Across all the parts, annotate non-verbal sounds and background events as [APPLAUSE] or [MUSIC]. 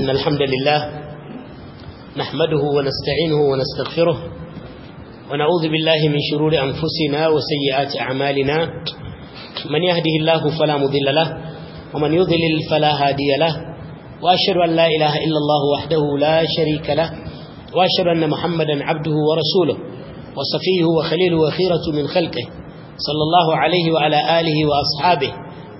إن الحمد لله نحمده ونستعينه ونستغفره ونعوذ بالله من شرور أنفسنا وسيئات أعمالنا من يهده الله فلا مضل له ومن يضلل فلا هادي له وأشهد أن لا إله إلا الله وحده لا شريك له وأشهد أن محمدا عبده ورسوله وصفيه وخليله وخيرة من خلقه صلى الله عليه وعلى آله وأصحابه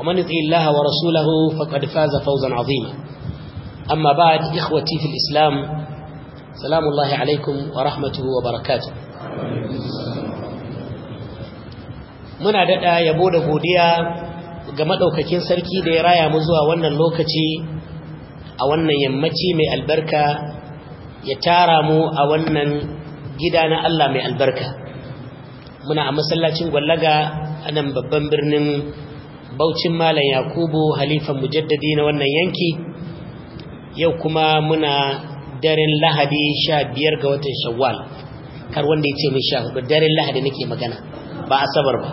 ومن يطع الله ورسوله فقد فاز فوزا عظيما أما بعد إخوتي في الإسلام سلام الله عليكم ورحمته وبركاته muna daɗa yabo da godiya ga maɗaukakin sarki da ya raya mu zuwa wannan lokaci a wannan yammaci mai albarka ya tara mu a wannan gida na Allah mai albarka muna a masallacin gwallaga a nan babban birnin baucin malam yakubu halifan mujaddadi na wannan yanki yau kuma muna daren lahadi sha biyar ga watan shawwal kar wanda ya ce min sha hudu daren lahadi nake magana ba asabar ba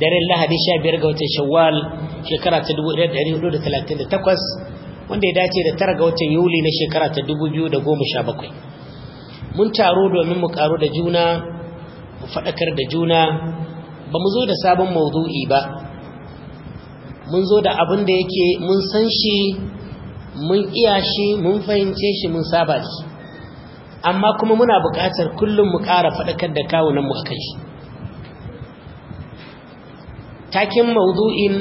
daren lahadi sha biyar ga watan shawwal shekara ta dubu ɗaya hudu da talatin da takwas wanda ya dace da tara ga watan yuli na shekara ta dubu biyu da goma sha bakwai mun taro domin mu karo da juna mu faɗakar da juna ba mu zo da sabon maudu'i ba mun zo da abin da yake mun san shi mun iya shi mun fahimce shi mun saba shi amma kuma muna buƙatar kullum mu ƙara faɗakar da kawunan mu kai shi takin maudu'in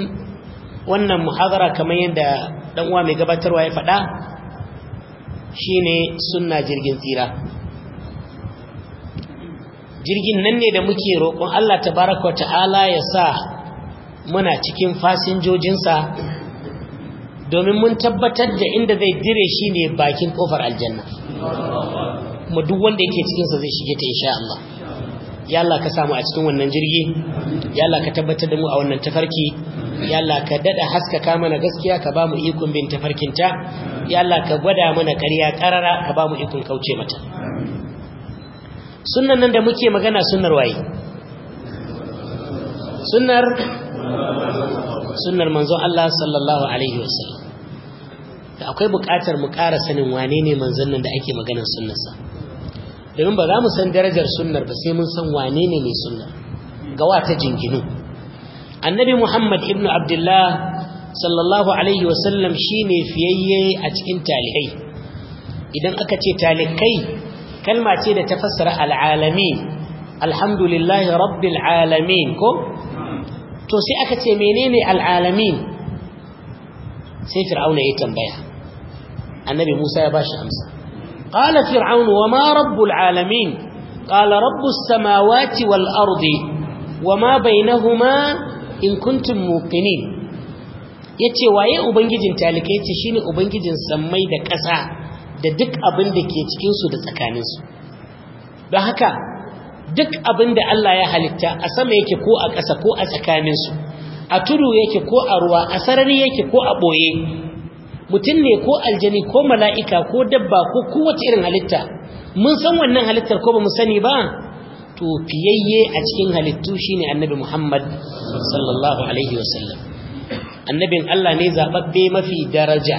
wannan muhazara kamar yadda ɗan uwa mai gabatarwa ya faɗa shine sunna jirgin tsira jirgin nan ne da muke roƙon Allah tabaraka ta'ala ya sa muna cikin fasinjojinsa domin mun tabbatar da inda zai dire shi ne bakin kofar aljanna kuma duk wanda yake cikinsa zai shige ta insha Allah ya Allah ka samu a cikin wannan jirgi ya Allah ka tabbatar da mu a wannan tafarki ya Allah ka dada haskaka mana gaskiya ka ba mu ikon bin tafarkinta ya Allah ka gwada mana ƙarya ƙarara ka ba mu ikon kauce mata sunnan nan da muke magana sunar waye sunnar sunnar manzon Allah sallallahu alaihi wasallam da akwai buƙatar mu ƙara sanin wane ne manzon nan da ake maganar sunnarsa domin ba za mu san darajar sunnar ba sai mun san wane ne mai sunnar gawa ta jinginu annabi muhammad ibnu abdullah sallallahu alaihi wasallam shine fiyayye a cikin talihai idan aka ce talikai kalma ce da ta fassara al'alamin alhamdulillahi rabbil alamin ko to sai aka ce menene al'alamin sai fir'auna ya tambaya annabi Musa ya bashi amsa qala fir'aunu wama rabbul alamin qala rabbus samawati wal ardi wama bainahuma in kuntum muqinin yace waye ubangijin talikai yace shine ubangijin sammai da ƙasa da duk abin da ke cikin su da tsakanin su don haka duk abin da Allah ya halitta a sama yake ko a ƙasa ko a tsakaninsu a tudu yake ko a ruwa a sarari yake ko a ɓoye mutum ne ko aljani ko mala'ika ko dabba ko kowace irin halitta mun san wannan halittar ko ba mu sani ba to fiyayye a cikin halittu shine annabi muhammad sallallahu alaihi wasallam annabin allah ne zaɓaɓɓe mafi daraja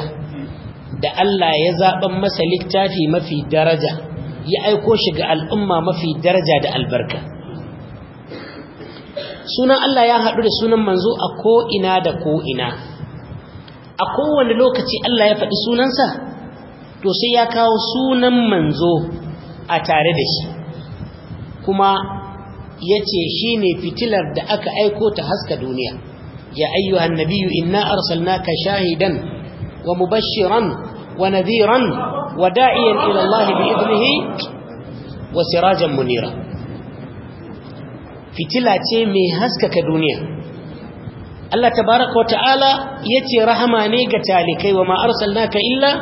da allah ya zaɓan masa littafi mafi daraja ya aiko shi ga al'umma mafi daraja da albarka sunan Allah ya haɗu da sunan manzo a ko'ina da ko'ina a kowane lokaci Allah ya faɗi sunansa to sai ya kawo sunan manzo a tare da shi kuma ya ce shi ne fitilar da aka aiko ta haska duniya ya ayyuhan nabiyu inna arsalnaka shahidan wa mubashiran ونذيرا وداعيا إلى الله بإذنه وسراجا منيرا فتلة مي هسكك دنيا الله تبارك وتعالى يتي رحماني قتالكي وما أرسلناك إلا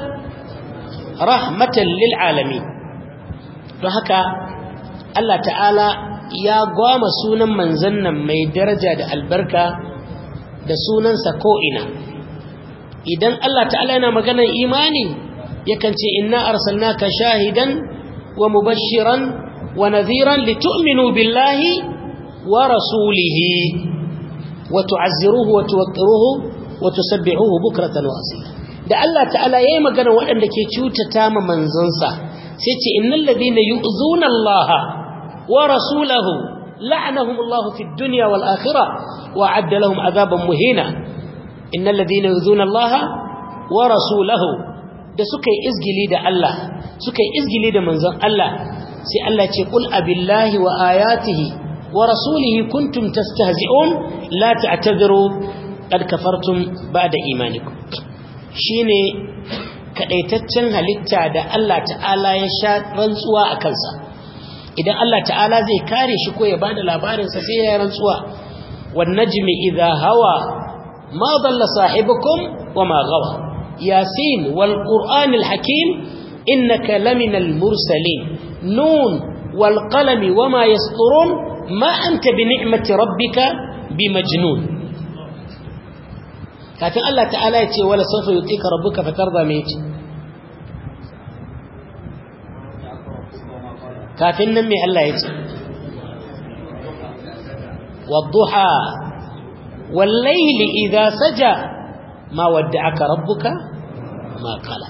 رحمة للعالمين وهكا الله تعالى ya gwama sunan manzannan mai daraja da albarka da sunansa ko'ina idan Allah ta'ala yana maganar imani yakan ce inna arsalnaka shahidan wa mubashiran wa nadhiran litu'minu billahi wa rasulihi wa tu'azziruhu wa tuwaqqiruhu wa tusabbihuhu bukratan wa asila da Allah ta'ala yayi magana waɗanda ke cutata ma manzonsa, sai ce innal ladina yu'zuna Allah wa rasulahu la'anahum Allah fid dunya wal akhirah wa 'adda lahum 'adaban muhina Inna ladina yuzuna allaha wa rasulahu da suka yi izgili da Allah suka yi izgili da manzon Allah sai Allah ce qul abillahi wa ayatihi wa rasulihi kuntum tastahzi'un la ta'tadiru qad kafartum ba'da imanikum shine kadaitaccen halitta da Allah ta'ala ya sha rantsuwa a kansa idan Allah ta'ala zai kare shi ko ya bada labarin sa sai ya rantsuwa wan najmi idha hawa ما ضل صاحبكم وما غوى ياسين والقرآن الحكيم إنك لمن المرسلين نون والقلم وما يسطرون ما أنت بنعمة ربك بمجنون كاتب الله تعالى يتي ولا سوف يؤتيك ربك فترضى ميت كاتب نمي الله يتي والضحى wallaili idza saja ma wadda'aka rabbuka ma qala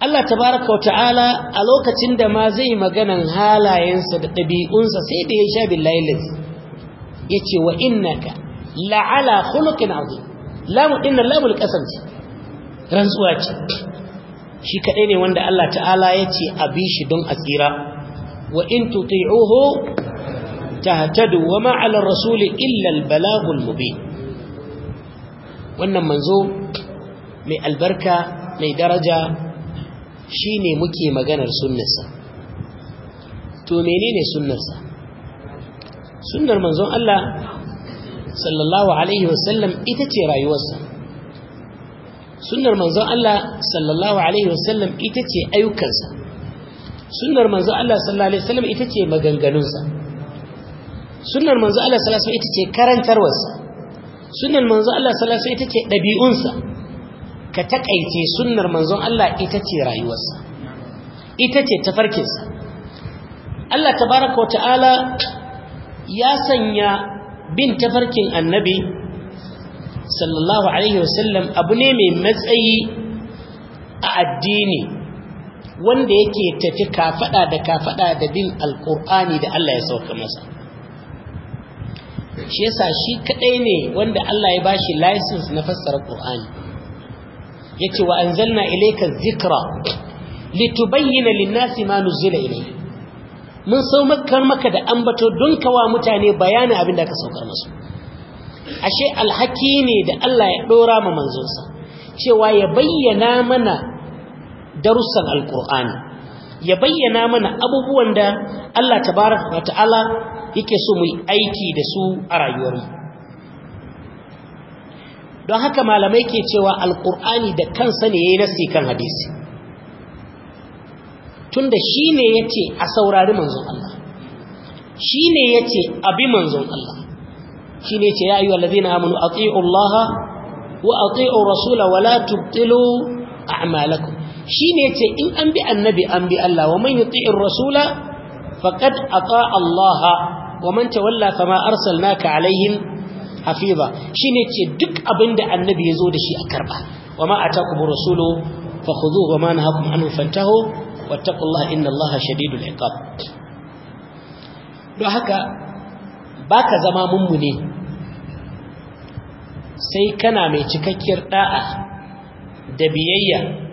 Allah tabaaraka wata'ala a lokacin da ma zai maganan halayensa da dabi'unsa sai da ya sha billahi yace wa innaka la'ala khuluqin azim lamu inna lamul qasam rantsuwa ce shi kadai ne wanda Allah ta'ala yace abi shi don asira wa in tuti'uhu tahtadu wa ma ala rasul illa al balagul wannan manzo mai albarka mai daraja shine muke maganar sunnarsa to menene sunnarsa sunnar manzon Allah sallallahu alaihi wasallam ita ce rayuwarsa sunnar manzon Allah sallallahu alaihi wasallam ita ce ayyukansa sunnar manzon Allah sallallahu alaihi wasallam ita ce maganganunsa sunnar manzo Allah sallallahu alaihi ita ce sa sunnar manzo Allah sallallahu alaihi ita ce sa ka takaice sunnar manzo Allah ita ce rayuwarsa ita ce sa Allah tabaraka ta'ala ya sanya bin tafarkin annabi sallallahu alaihi wasallam abu ne mai matsayi a addini wanda yake tafi kafada da kafada da bin alqur'ani da Allah ya sauka masa shi yasa shi kadai ne wanda Allah ya bashi license na fassara Qur'ani yace wa anzalna ilayka dhikra litubayyana lin-nasi ma nuzila ilayhi mun saumakar maka da ambato don wa mutane bayanin abin da ka saukar musu ashe alhaki ne da Allah ya dora ma manzonsa cewa ya bayyana mana darussan alqur'ani ya bayyana mana abubuwan da Allah tabaraka wa ta'ala yake so mu aiki da su a rayuwar mu don haka malamai ke cewa Alƙur'ani da kansa ne yayin nasi kan hadisi tunda shine yace a saurari manzon Allah shine yace abi manzon Allah shine yace ya ayyuhal ladina amanu atiiu Allah wa atiiu rasula wa la tubtilu a'malakum Shi ne ce in an bi annabi an bi Allah wa man yuti'ir rasula faqad ata Allah wa man tawalla fama arsalnaka alaihim hafiza ne ce duk abinda annabi yazo da shi a karba wa ma atakum rasulu fakhudhuhu wa ma nahakum anhu fantahu wattaqullaha innallaha shadidul iqab don haka baka zama mummune sai kana mai cikakkiyar da'a da biyayya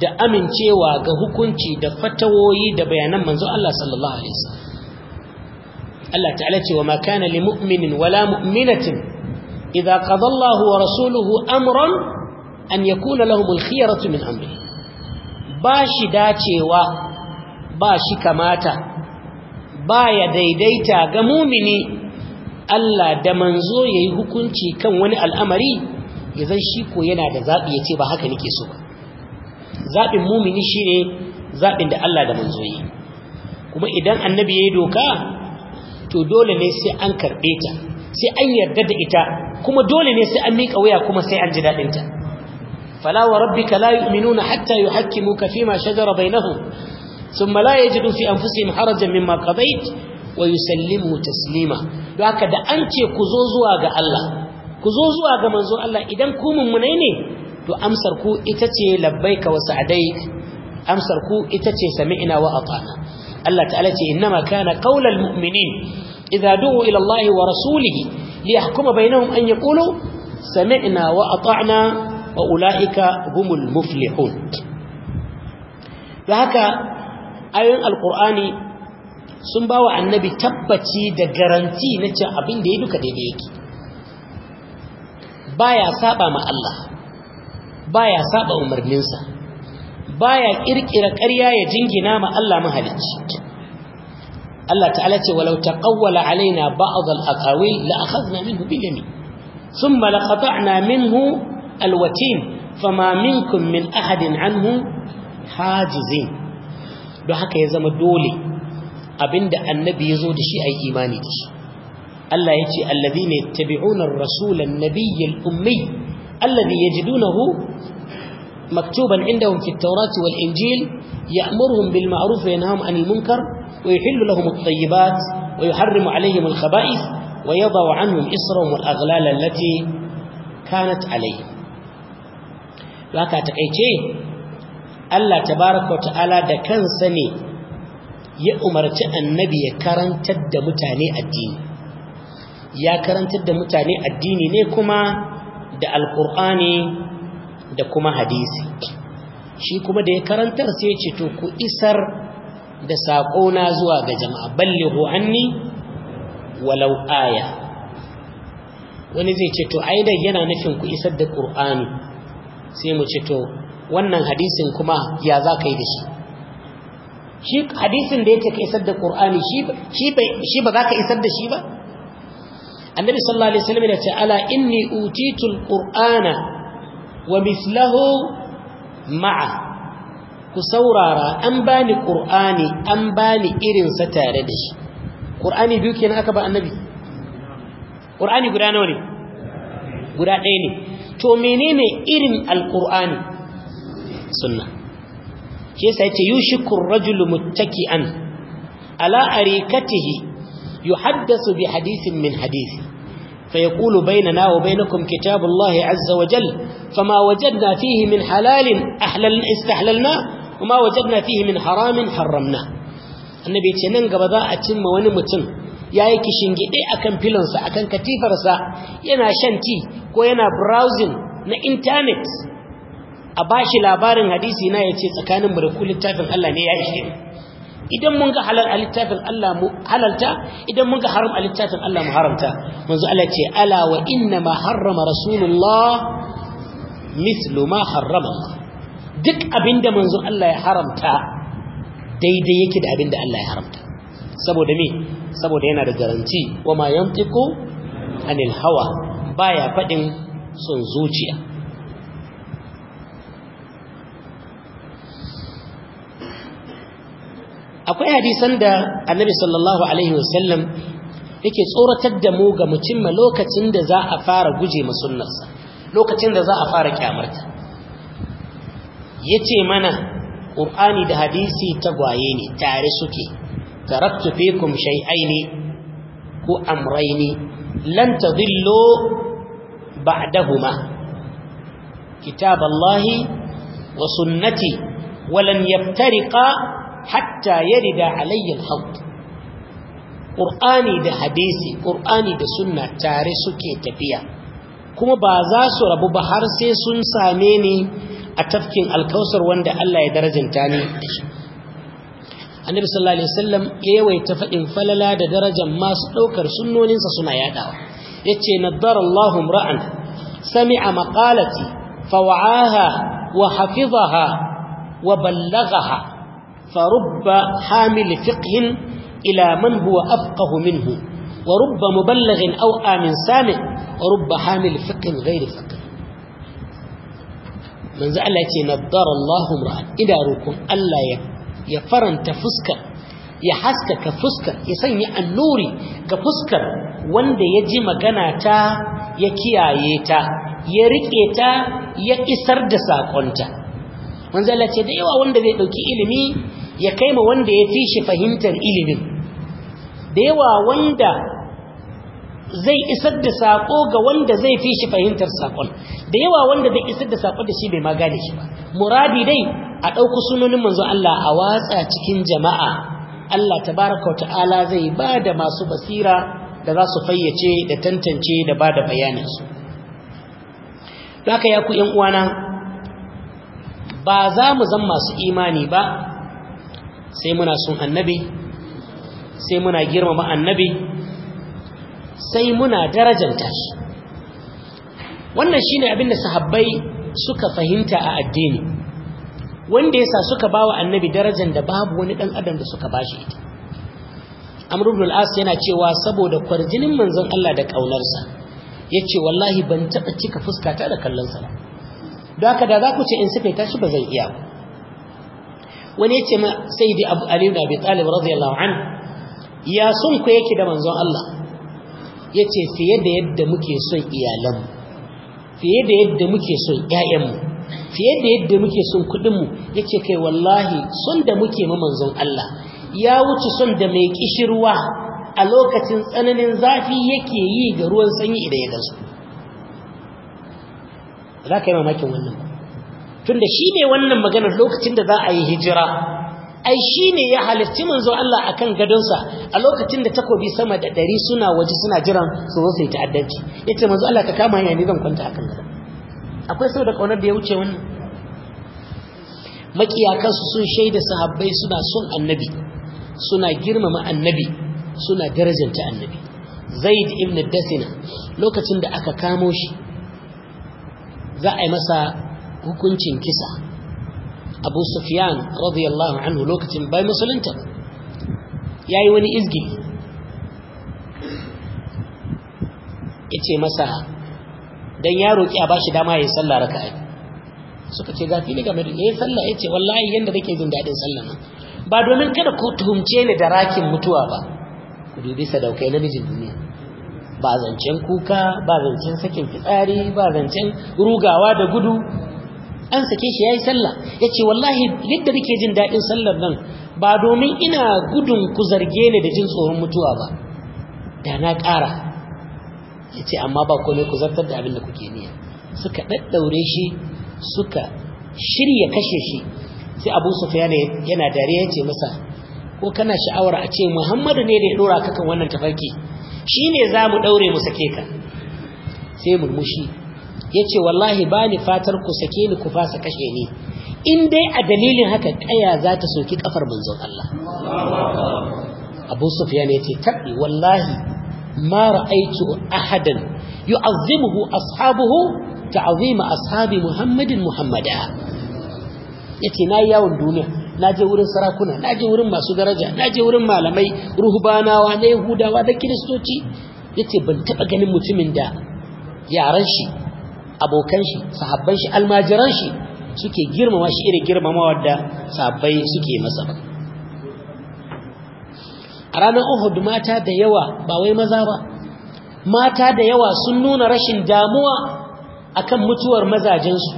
da amincewa ga hukunci da fatawoyi da bayanan manzo Allah sallallahu alaihi wasallam Allah ta'ala ce wa ma kana mu'minin wala mu'minatin idza qada Allahu wa rasuluhu amran an yakuna lahum al khiyaratu min amri ba shi dacewa ba shi kamata ba ya daidaita ga mumini Allah da manzo yayi hukunci kan wani al'amari yazan shi ko yana da zabi yace ba haka nake so ba zaɓin mumini shine zaɓin da Allah da manzo yi kuma idan annabi yayi doka to dole ne sai an karɓe ta sai an yarda da ita kuma dole ne sai an miƙa waya kuma sai an ji daɗin ta fala wa rabbika la yu'minuna hatta yuhakkimuka fima shajara bainahum thumma la yajidu fi anfusihim harajan mimma qadayt wa yusallimu taslima don haka da an ce ku zo zuwa ga Allah ku zo zuwa ga manzo Allah idan ku mummunai ne to amsar ku ita ce labbaika wa sa'daik amsar ku ita ce sami'na wa Allah ta'ala ce innama kana qaulal mu'minin idza du'u ila Allah wa rasulih li yahkuma bainahum an yaqulu sami'na wa ata'na wa ulaika humul muflihun da haka ayoyin alkur'ani sun ba wa annabi tabbaci da garanti na cin abin da ya duka daidai yake baya saba ma Allah baya saba umarnin sa baya kirkira ƙarya ya jingina ma Allah mahalicci Allah ta'ala ce walau taqawwala alaina ba'd al-aqawil la akhadna minhu bil yamin thumma laqata'na minhu al-watin fama minkum min ahadin anhu hajizin don haka ya zama dole abinda annabi yazo da shi ai imani da shi Allah yace alladhina yattabi'una ar-rasula an-nabiyyal ummiy ya alladhi yajidunahu maktuban inda indahum fi at-taurati wal injil ya'muruhum bil ma'ruf wa yanhahum an munkar wa yuhillu lahum at-tayyibat wa yuharrimu 'alayhim al-khaba'ith wa yadha'u 'anhum israhum wal aghlal allati kanat 'alayhim haka takeice Allah tabaaraka wa ta'ala da kansa ne ya umarci annabi ya karantar da mutane addini ya karantar da mutane addini ne kuma da alkur'ani da kuma hadisi shi kuma da ya karantar sai ce to ku isar da saƙona zuwa ga jama'a ballihu anni walau aya wani zai ce to aidan yana nufin ku isar da qur'ani sai mu ce to wannan hadisin kuma ya za ka yi da shi shi hadisin da yake ka isar da qur'ani shi ba za ka isar da shi ba annabi sallallahu alaihi wasallam yace ala inni utitul qur'ana wa mislahu ma'a ku saurara an bani qur'ani an bani irin sa tare da shi qur'ani biyu kenan aka ba annabi qur'ani guda nawa ne guda ɗaya ne to menene irin alqur'ani sunna shi yasa yace yushikur rajulu muttaki'an ala arikatihi yuhaddasu bi hadisin min hadisi فيقول بيننا وبينكم كتاب الله عز وجل فما وجدنا فيه من حلال أحلل استحللنا وما وجدنا فيه من حرام nan النبي تنين قبضاء أتم ونمتم ya yi kishin a akan filonsa a kan katifarsa yana shan ti ko yana browsing na intanet a bashi labarin hadisi na ya ce tsakanin da ku littafin Allah ne ya idan mun ga halal a littafin Allah mu halalta idan mun ga haram a littafin Allah mu haramta manzo Allah ce ala wa inna ma harrama rasulullah mithlu ma harrama duk abinda manzo Allah ya haramta daidai yake da abinda Allah ya haramta saboda me saboda yana da garanti wa ma yantiqu anil hawa baya fadin son zuciya akwai hadisan da annabi sallallahu alaihi wasallam yake tsoratar da mu ga mutumma lokacin da za a fara guje ma sunnarsa lokacin da za a fara kyamarta ce mana ƙur'ani da hadisi tagwaye ne tare suke taraktu fikum shay'aini ko amraini lan tadillu ba'dahuma kitab Allah wa sunnati walan yaftariqa hatta yarida da al-haut qur'ani da hadisi ƙur'ani da sunna tare suke tafiya kuma ba za su rabu ba har sai sun same ni a tafkin alkausar wanda Allah ya darajanta ni annabi sallallahu alaihi wasallam ya yawaita fadin falala da darajar masu daukar sunnoninsa suna yadawa yace nadarallahu ra'an sami'a maqalati fawa'aha wa hafizaha wa ballagaha فرب حامل فقه إلى من هو أفقه منه ورب مبلغ أو آمن سامع ورب حامل فقه غير فقه من زعل نضار الله امرأ إذا روكم ألا يفرن تفسكر ya haskaka fuskar ya sanya annuri ga fuskar wanda ya ji magana ta ya kiyaye ta ya riƙe ta ya isar da saƙonta manzo ce da yawa wanda zai ɗauki ilimi ya kai ma wanda ya fi shi fahimtar ilimin da yawa wanda zai isar da sako ga wanda zai fi shi fahimtar sakon da yawa wanda zai isar da sako da shi bai ma gane shi ba muradi dai a ɗauku sunonin manzo Allah a watsa cikin jama'a Allah tabaraka wa ta'ala zai ba da masu basira da za su fayyace da tantance da ba da bayaninsu haka ya ku uwana ba za mu zan masu imani ba sai muna sun annabi sai muna girmama annabi sai muna darajanta shi wannan shine abin da sahabbai suka fahimta a addini wanda yasa suka bawa annabi darajar da babu wani dan adam da suka bashi ita amr ibn al-as yana cewa saboda kwarjinin manzon Allah da kaunarsa yace wallahi ban taba cika fuskata da kallon sa ba haka da za ku ce in suka tashi ba zai iya ba wani ya ce ma da abu aliyu da abi talib radiyallahu an ya sun ku yake da manzon Allah ya ce fiye da yadda muke son iyalanmu fiye da yadda muke son ƴaƴanmu fiye da yadda muke son kuɗinmu ya ce kai wallahi son da muke ma manzon Allah ya wuce son da mai kishirwa a lokacin tsananin zafi yake yi ga ruwan sanyi idan ya gasu za ka yi mamakin wannan ba tunda shi ne wannan maganar lokacin da za a yi hijira ai shi ne ya halarci manzo Allah akan sa, a lokacin da takobi sama da ɗari suna waje suna jiran su zo su yi ta'addanci yace manzo Allah ka kama hanya ne zan kwanta akan gadon akwai sau da kaunar da ya wuce wannan Maƙiyakansu sun shaida sahabbai suna son annabi suna girmama annabi suna darajanta annabi zaid ibn dasina lokacin da aka kamo shi za a yi masa hukuncin kisa abu sufyan radiyallahu anhu lokacin bai musulunta ba ya yi wani izgi ya ce masa don ya roƙi a bashi dama ya yi sallah raka'a suka ce gafi ne game da ya yi sallah ya ce wallahi yadda nake jin daɗin sallah nan ba domin kada ku tuhumce ni da rakin mutuwa ba ku dubi sadaukai na mijin duniya ba zancen kuka ba zancen sakin fitsari ba zancen rugawa da gudu an sake shi ya yi sallah yace wallahi yadda nake jin daɗin sallar nan ba domin ina gudun ku zarge ni da jin tsoron mutuwa ba da na ƙara yace amma ba komai ku zartar da abin da kuke niyya suka daddaure shi suka shirya kashe shi sai Abu Sufyan yana dariya yace masa ko kana sha'awar a ce Muhammadu ne da ya dora kakan wannan tafarki Shi shine zamu daure mu sake ka sai murmushi yace wallahi bani fatar ku sake ni ku fasa kashe ni in dai a dalilin haka kaya za ta soki kafar manzon Allah Abu Sufyan yace tabbi wallahi ma ra'aytu ahadan yu'azzimuhu ashabuhu ta'zima ashabi Muhammadin Muhammada yace na yawon duniya naje wurin sarakuna naje wurin masu daraja naje wurin malamai ruhbanawa na yahudawa da kiristoci yace ban taba ganin mutumin da yaran shi abokan shi sahabban shi almajiran shi suke girmama shi irin girmama da sahabbai suke masa ba a ranar Uhud mata da yawa ba wai maza ba mata da yawa sun nuna rashin damuwa akan mutuwar mazajensu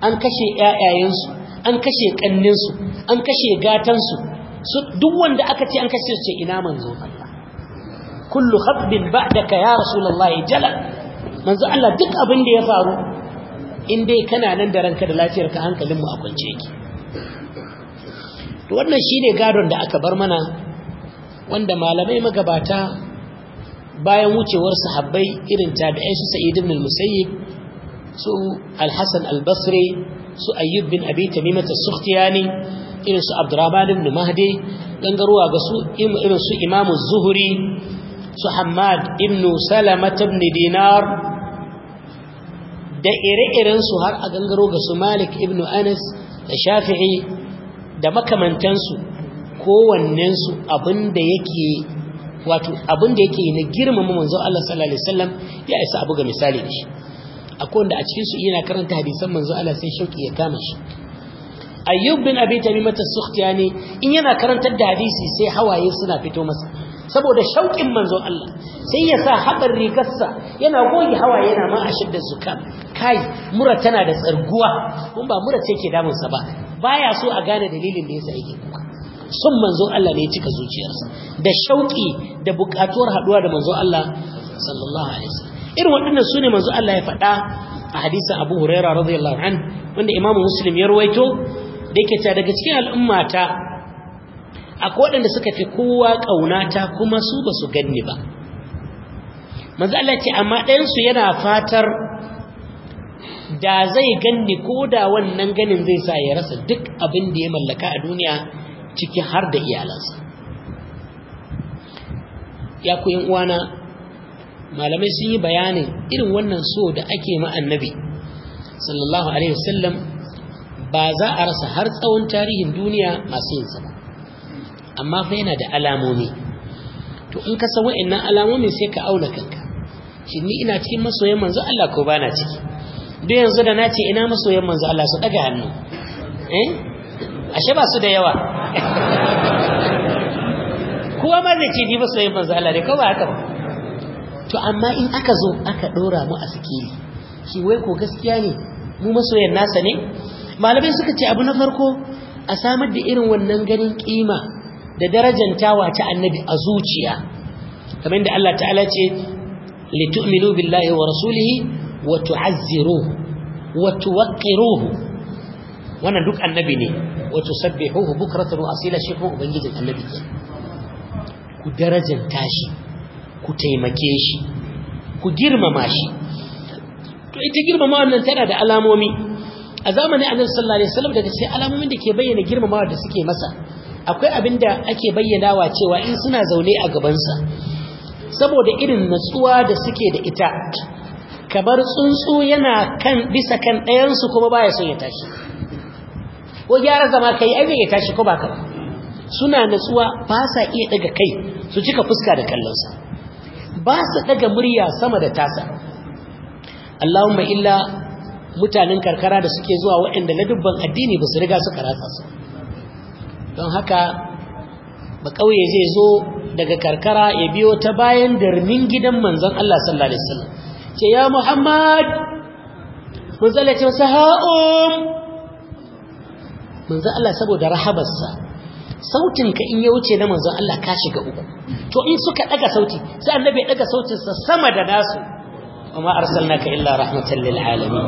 an kashe ƴaƴayensu an kashe kanninsu an kashe gatansu duk wanda aka ce an kashe su ce ina manzo Allah kullu khabbin ba'daka ya rasulullahi jala manzo Allah duk abin da ya faru in dai kana nan da ranka da lafiyarka hankalinmu a kwance yake to wannan shine gadon da aka bar mana wanda malamai magabata bayan wucewar sahabbai irin tabi'ai su sa'id ibn al-musayyib su al-hasan al-basri su ayyub bin abi tamimah as-sukhtiyani irin su abdurrahman ibn mahdi gangaruwa ga su irin su imam zuhri su hammad ibn salama ibn dinar da ire-irensu har a gangaro ga su malik ibn anas da shafi'i da makamantansu kowannensu abinda yake wato abinda yake na girmama manzo Allah sallallahu alaihi wasallam ya isa abu ga misali dashi. akwai wanda a cikin su yana karanta hadisan manzo Allah sai shauki ya kama shi ayyub bin abi tamimata sukhtiyani in yana karantar da hadisi sai hawaye suna fito masa saboda shauƙin manzon Allah sai ya sa haɓar rigarsa yana goge hawa yana ma a shidda zuka kai mura tana da tsarguwa kun ba mura ce ke damunsa ba baya so a gane dalilin da yasa yake kuka Sun manzon Allah ne ya cika zuciyarsa da shauƙi da buƙatuwar haɗuwa da manzon Allah sallallahu alaihi wasallam irin waɗannan su ne manzon Allah ya faɗa a hadisin Abu Hurairah radiyallahu anhu, wanda Imam Muslim ya rawaito da yake daga cikin al'ummata akwai waɗanda suka fi kowa ƙaunata kuma su ba su ganni ba manzo Allah ce amma ɗayansu yana fatar da zai ganni ko da wannan ganin zai sa ya rasa duk abin da ya mallaka a duniya ciki har da iyalansa ya ku yan uwana malamai sun yi bayanin irin wannan so da ake ma annabi sallallahu alaihi wasallam ba za a rasa har tsawon tarihin duniya masu yin ba amma fa yana da alamomi to in ka san wa'annan alamomi sai ka auna kanka shin ni ina cikin masoyan manzo Allah ko bana ciki duk yanzu da nace ina masoyan manzo Allah su daga hannu eh ashe ba su da yawa [LAUGHS] Ko amma zai ce ni masoyan manzo Allah ne ko ba haka ba to amma in aka zo aka dora mu a sikili shi wai ko gaskiya ne mu masoyan nasa ne malamai suka ce abu na farko a samar da irin wannan ganin kima da darajantawa ta annabi a zuciya kamar inda Allah ta'ala ce tu'minu billahi wa rasulihi wa tu'azziruhu wa tuwaqqiruhu wannan duk annabi ne wa tusabbihuhu bukratan wa asila shi kuma ubangijin annabi ke ku darajanta shi ku taimake shi ku girmama shi to ita girmama wannan tana da alamomi a zamanin annabi sallallahu alaihi wasallam daga cikin alamomin da ke bayyana girmamawa da suke masa akwai abin da ake bayyanawa cewa in suna zaune a gabansa saboda irin natsuwa da suke da ita kamar tsuntsu yana kan bisa kan ɗayansu kuma baya son ya tashi ko gyara zama kai ai ya tashi ko ba ka suna natsuwa ba sa iya daga kai su cika fuska da kallonsa ba su daga murya sama da tasa Allahumma illa mutanen karkara da suke zuwa waɗanda na dubban addini ba su riga suka ratsa su don haka ba kauye zai zo daga karkara ya biyo ta bayan darmin gidan manzon Allah sallallahu alaihi wasallam ce ya Muhammad manzon Allah ce manzon Allah saboda rahabarsa sautin ka in ya wuce na manzon Allah ka shiga uku to in suka daga sauti sai annabi daga sa sama da nasu amma arsalnaka illa rahmatan lil alamin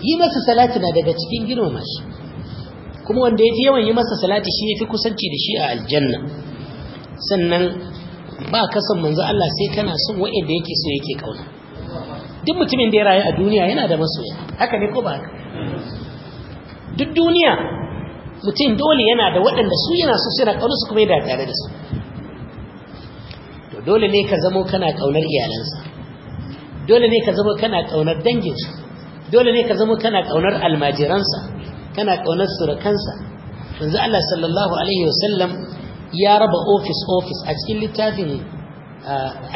yi masa salati na daga cikin girmama shi kuma wanda ya fi yawan yi masa salati shi ya fi kusanci da shi a aljanna sannan ba kasan manzo Allah sai kana son wa'anda yake so yake kauna duk mutumin da ya rayu a duniya yana da masoya haka ne ko ba haka duk duniya mutum dole yana da waɗanda su yana so suna kaunar su kuma yana tare da su to dole ne ka zamo kana kaunar iyalansa dole ne ka zamo kana kaunar danginsa dole ne ka zamo kana kaunar almajiransa kana kaunar kansa yanzu Allah sallallahu alaihi wasallam ya raba office office a cikin littafin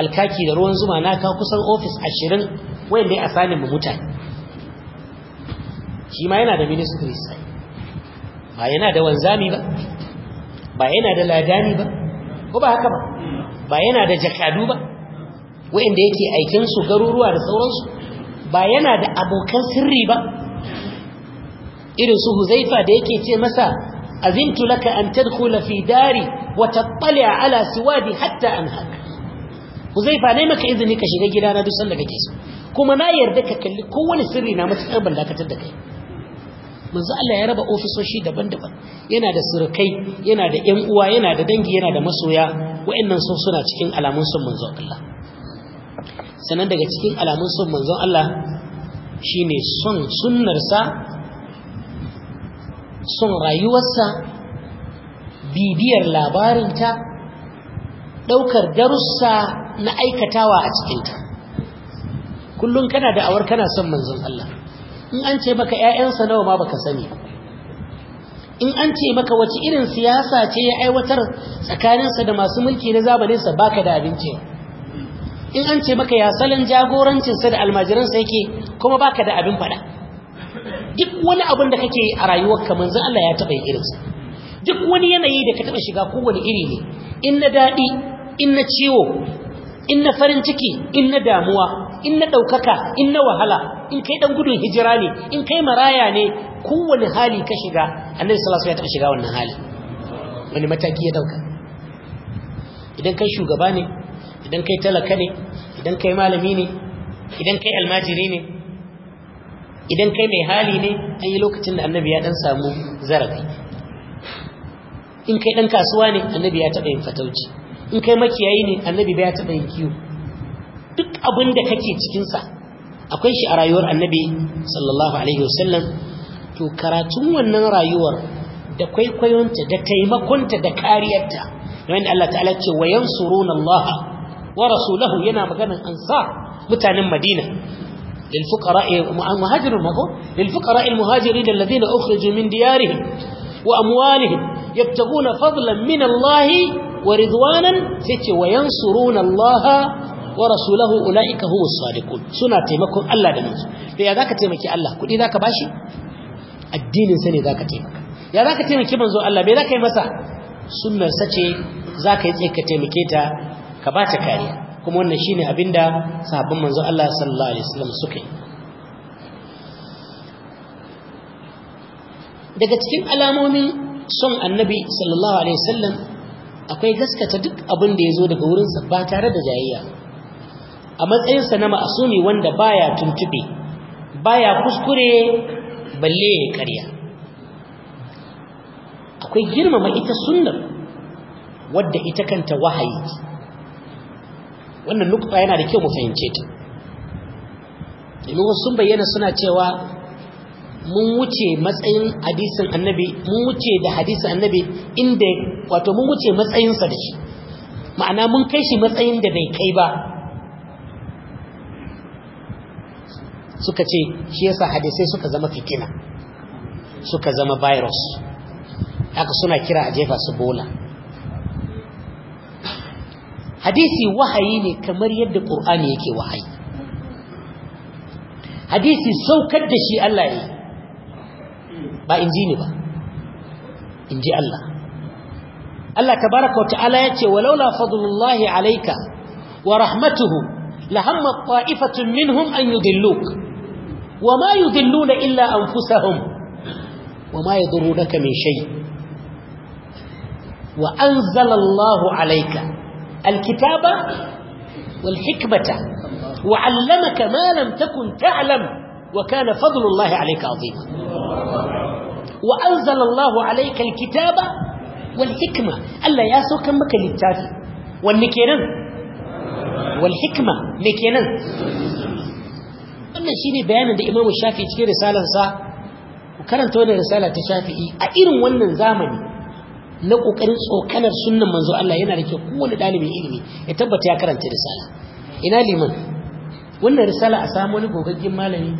alkaki da ruwan zuma na ka kusan office 20 wanda ya asani mu mutane shi ma yana da ministry sai ba yana da wanzami ba ba yana da ladani ba ko ba haka ba ba yana da jakadu ba wanda yake aikin su garuruwa da sauransu ba yana da abokan sirri ba irin su huzaifa da yake ce masa azintu laka an tadkhula fi dari wa tattali'a ala siwadi hatta anhak huzaifa ne maka izini ka shiga gidana duk sanda kake so kuma na yarda ka kalli kowane sirri na matsayar ban dakatar da kai manzo Allah ya raba ofisoshi daban-daban yana da surukai yana da ƴan uwa yana da dangi yana da masoya wa'annan sun suna cikin alamun sun manzo Allah sanan daga cikin alamun sun manzo Allah shine son sunnarsa son rayuwarsa bibiyar ta, ɗaukar darussa na aikatawa a cikinta kullum kana da'awar kana son manzon Allah in an ce maka 'ya'yansa nawa ma baka sani in an ce maka wace irin siyasa ce ya aiwatar tsakaninsa da masu mulki na zamaninsa baka da abinci in an ce maka ya salon jagorancinsa da almajiransa yake kuma baka da abin faɗa duk wani abin da kake a rayuwar rayuwarka manzon Allah ya taɓa irinsa duk wani yanayi da ka taɓa shiga kowane iri ne in na daɗi in na ciwo in na farin ciki in na damuwa in na ɗaukaka in na wahala in kai ɗan gudun hijira ne in kai maraya ne kowane hali ka shiga annabi sallallahu ya taɓa shiga wannan hali wani mataki ya ɗauka idan kai shugaba ne idan kai talaka ne idan kai malami ne idan kai almajiri ne idan kai mai hali ne an yi lokacin da annabi ya dan samu zarafi in kai dan kasuwa ne annabi ya taɓa yin fatauci in kai makiyayi ne annabi ya taɓa yin kiwo duk abin da kake cikinsa akwai shi a rayuwar annabi sallallahu alaihi wasallam to karatun wannan rayuwar da kwaikwayonta da taimakonta da kariyarta wanda Allah ta'ala ce wa yansuruna Allah wa rasulahu yana maganan ansar mutanen Madina للفقراء المهاجرين مكو للفقراء المهاجرين الذين أخرجوا من ديارهم وأموالهم يبتغون فضلا من الله ورضوانا ستي وينصرون الله ورسوله أولئك هم الصادقون سنة تيمكم الله دمز يا ذاك تيمكي الله كل ذاك باشي الدين سني ذاك تيمك يا ذاك تيمكي منزو الله بي ذاك يمسا سنة ستي ذاك يتيك تيمكيتا كباتا كاريا kuma wannan abin abinda sahabin manzo Allah sallallahu alaihi wasallam suka yi daga cikin alamomin son annabi sallallahu alaihi wasallam akwai gaskata duk abin da zo daga wurin sa ba tare da jayayya a matsayin sa na ma'asumi wanda baya tuntube baya kuskure balle ya karya akwai girmama ita sunnar wadda ita kanta wahayi wannan nukta yana da kyau mu fahimce ta domin sun bayyana suna cewa mun wuce matsayin hadisin annabi mun wuce da hadisin annabi inda wato mun wuce matsayinsa da shi ma'ana mun kai shi matsayin da bai kai ba suka ce shi yasa hadisai suka zama fitina suka zama virus haka suna kira a jefa su bola hadisi wahayi ne kamar yadda ƙur'ani yake wahayi hadisi saukar da shi Allah ne ba ji ni ba inji Allah Allah tabaaraka wa ta'ala yace walaula fadlullahi alayka wa rahmatuhu lahamma ta'ifatun minhum an yudilluk wama yudilluna illa anfusahum wama yadurunaka min shay wa anzalallahu alaika alkitaba wal hikmata wa 'allamaka ma lam takun ta'lam wa kana fadlullahi 'alayka 'azima wa anzala Allah ya saukan maka littafi wanne kenan wal hikma kenan wannan shine bayanin da Imam Shafi'i cikin risalarsa karanta wannan risala ta Shafi'i a irin wannan zamani na kokarin tsokanar sunnan manzo Allah yana da kyau kowane dalibin ilimi ya tabbata ya karanta risala ina liman wannan risala a samu wani gogaggen malami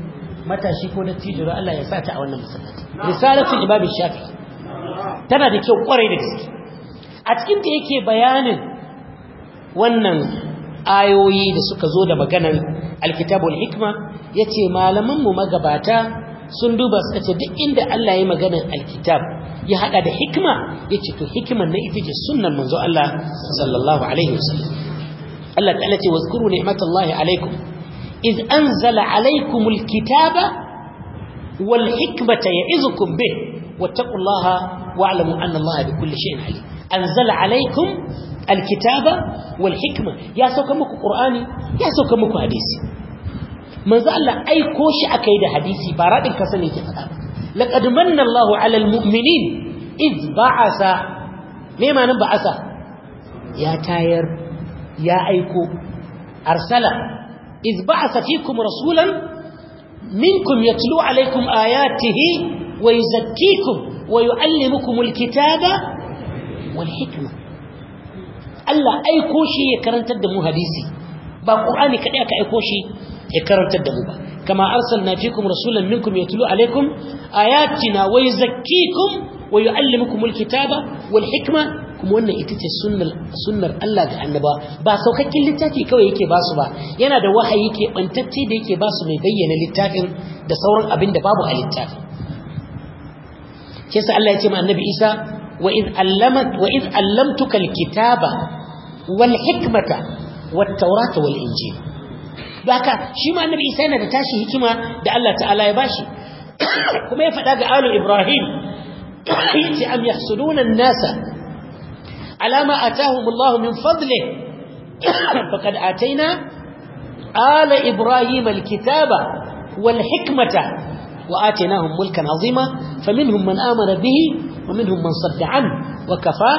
matashi ko dattijo Allah ya sa ta a wannan masallaci risalatul imam shafi tana da kyau kwarai da gaske a cikin da yake bayanin wannan ayoyi da suka zo da maganar alkitabul hikma yace malaman mu magabata sun duba suka ce duk inda Allah ya magana alkitab ya haɗa da hikima yace to hikiman na ita ce sunnan manzo Allah sallallahu alaihi wasallam Allah ta'ala ce wazkuru ni'matallahi alaikum iz anzala alaikumul kitaba wal hikmata ya'izukum bih wattaqullaha wa'lamu anna Allaha bikulli shay'in alim anzala alaikum alkitaba wal hikma ya sauka muku qur'ani ya sauka muku hadisi manzo Allah aiko shi akai da hadisi ba radin ka sani ke faɗa laqad manna Allahu 'alal mu'minin id ba'asa me ma'anar ba'asa ya tayar ya aiko arsala id ba'asa fikum rasulan minkum yatlu 'alaykum ayatihi wa yuzakkikum wa yu'allimukum al-kitaba wal hikma Allah aiko shi ya karantar da mu hadisi ba Qur'ani kadai aka aiko shi ya karantar da mu ba kama arsalna fikum rasulan minkum yatlu alaikum ayatina wa yuzakkikum wa yuallimukumul kitaba wal hikma kuma wannan ita ce sunnar Allah ga annaba ba saukakin littafi kawai yake basu ba yana da wahayi ke bantacce da yake basu mai bayyana littafin da sauran abin da babu a littafi kesa Allah ya ce ma annabi Isa wa in allamat wa in allamtuka alkitaba wal hikmata wat tawrata wal injil don haka shi ma annabi isa yana da tashi hikima da Allah ta'ala ya bashi kuma ya fada ga alu ibrahim yace am yahsuduna an-nasa ala ma atahum Allah min fadli faqad atayna ala ibrahim al-kitaba wal hikmata wa atainahum mulkan azima faminhum man amara bihi wa minhum man sadda an wa kafa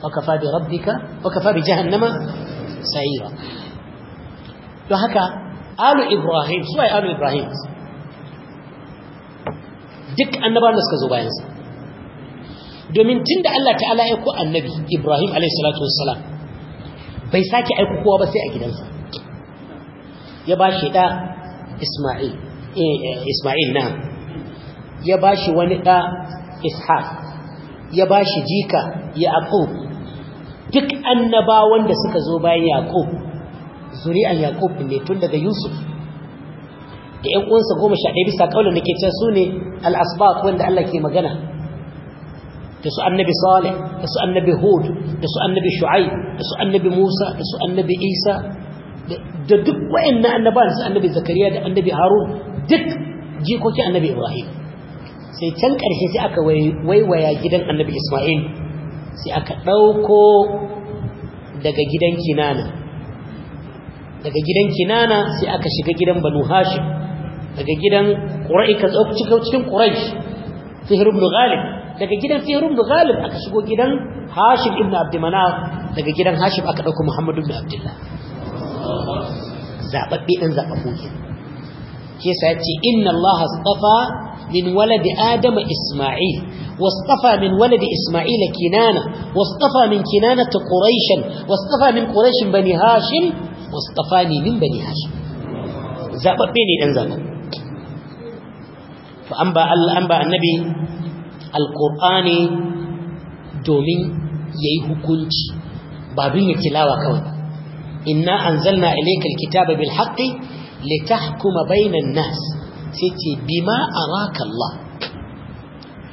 wa kafa bi rabbika wa kafa bi jahannama سعيرا don haka alu ibrahim su ai alu ibrahim duk annaba da suka zo bayansa domin tun da Allah ta'ala ya ku annabi ibrahim alaihissalatu wassalam bai sake aiku kowa ba sai a gidansa ya ba shi ɗa isma'il eh, isma'il na ya ba shi wani ɗa ishaq ya ba shi jika ya yaqub duk annaba wanda suka zo bayan yaqub zuri'an yaqub ne tun daga yusuf da ƴan uwansa goma sha ɗaya bisa kaulin da ke can su ne al-asbaq wanda Allah ke magana da su annabi salih da su annabi hud da su annabi shu'aib da su annabi musa da su annabi isa da duk wayannan annabawan su annabi zakariya da annabi harun duk jikokin annabi ibrahim sai can ƙarshe sai aka waiwaya gidan annabi isma'il sai aka ɗauko daga gidan kinana daga gidan kinana sai aka shiga gidan banu hashim daga gidan qura'i ka cikin quraish fihr ibn ghalib daga gidan fihr ibn ghalib aka shigo gidan hashim ibn abd manaf daga gidan hashim aka dauko muhammad ibn abdullah zababbe dan zababbu ke ke sai ce inna allaha astafa min waladi adama isma'il واصطفى من ولد إسماعيل كنانة واصطفى من كنانة قريشا واصطفى من قريش بني هاشم Mustapha ne, min bani hashim Zaɓaɓɓe ne ɗan zaban fa an ba Allah an ba annabi alqur'ani domin yi hukunci ba bin tilawa kawai inna anzalna ilayka alkitaba bil haqqi kuma bainan nas sai ce bima araka Allah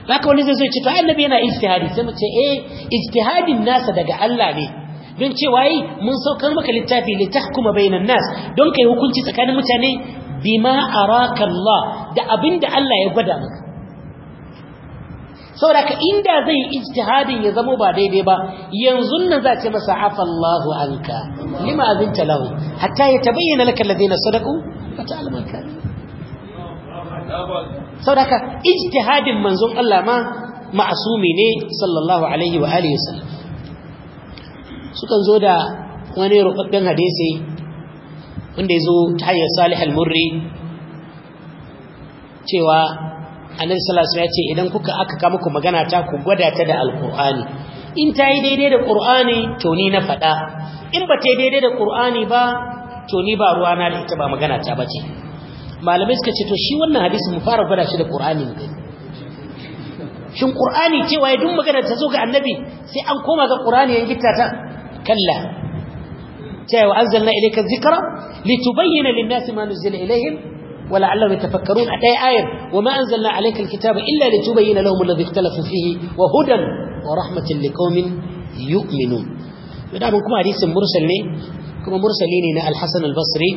haka wani zai so ce to annabi yana ijtihadi sai mu ce eh ijtihadin nasa daga Allah ne don cewa yi mun saukar maka littafi kuma bainan nas don kai hukunci tsakanin mutane bima araka da abinda Allah ya gwada maka saboda ka inda zai yi ijtihadin ya zama ba daidai ba yanzu nan za ce masa afallahu anka lima azinta lahu hatta ya tabayyana laka alladhina sadaqu fa ta'lamu kan saboda ka ijtihadin manzon Allah ma ma'asumi ne sallallahu alaihi wa alihi wasallam sukan zo da wani rubabben hadisi wanda ya zo ta hanyar salih al-murri cewa annabi sallallahu alaihi wasallam ya ce idan kuka aka ka muku magana ta ku gwada ta da alqur'ani in ta yi daidai da qur'ani to ni na faɗa in ba ta yi daidai da qur'ani ba to ni ba ruwa na da ita ba magana ta bace malamai suka ce to shi wannan hadisi mu fara gwada shi da qur'ani ne shin qur'ani cewa idan duk magana ta zo ga annabi sai an koma ga qur'ani yan gitta ta كلا وأنزلنا إليك الذكرى لتبين للناس ما نزل إليهم ولعلهم يتفكرون أتي آية وما أنزلنا عليك الكتاب إلا لتبين لهم الذي اختلفوا فيه وهدى ورحمة لقوم يؤمنون يدعون كما حديث مرسل كما مرسلين الحسن البصري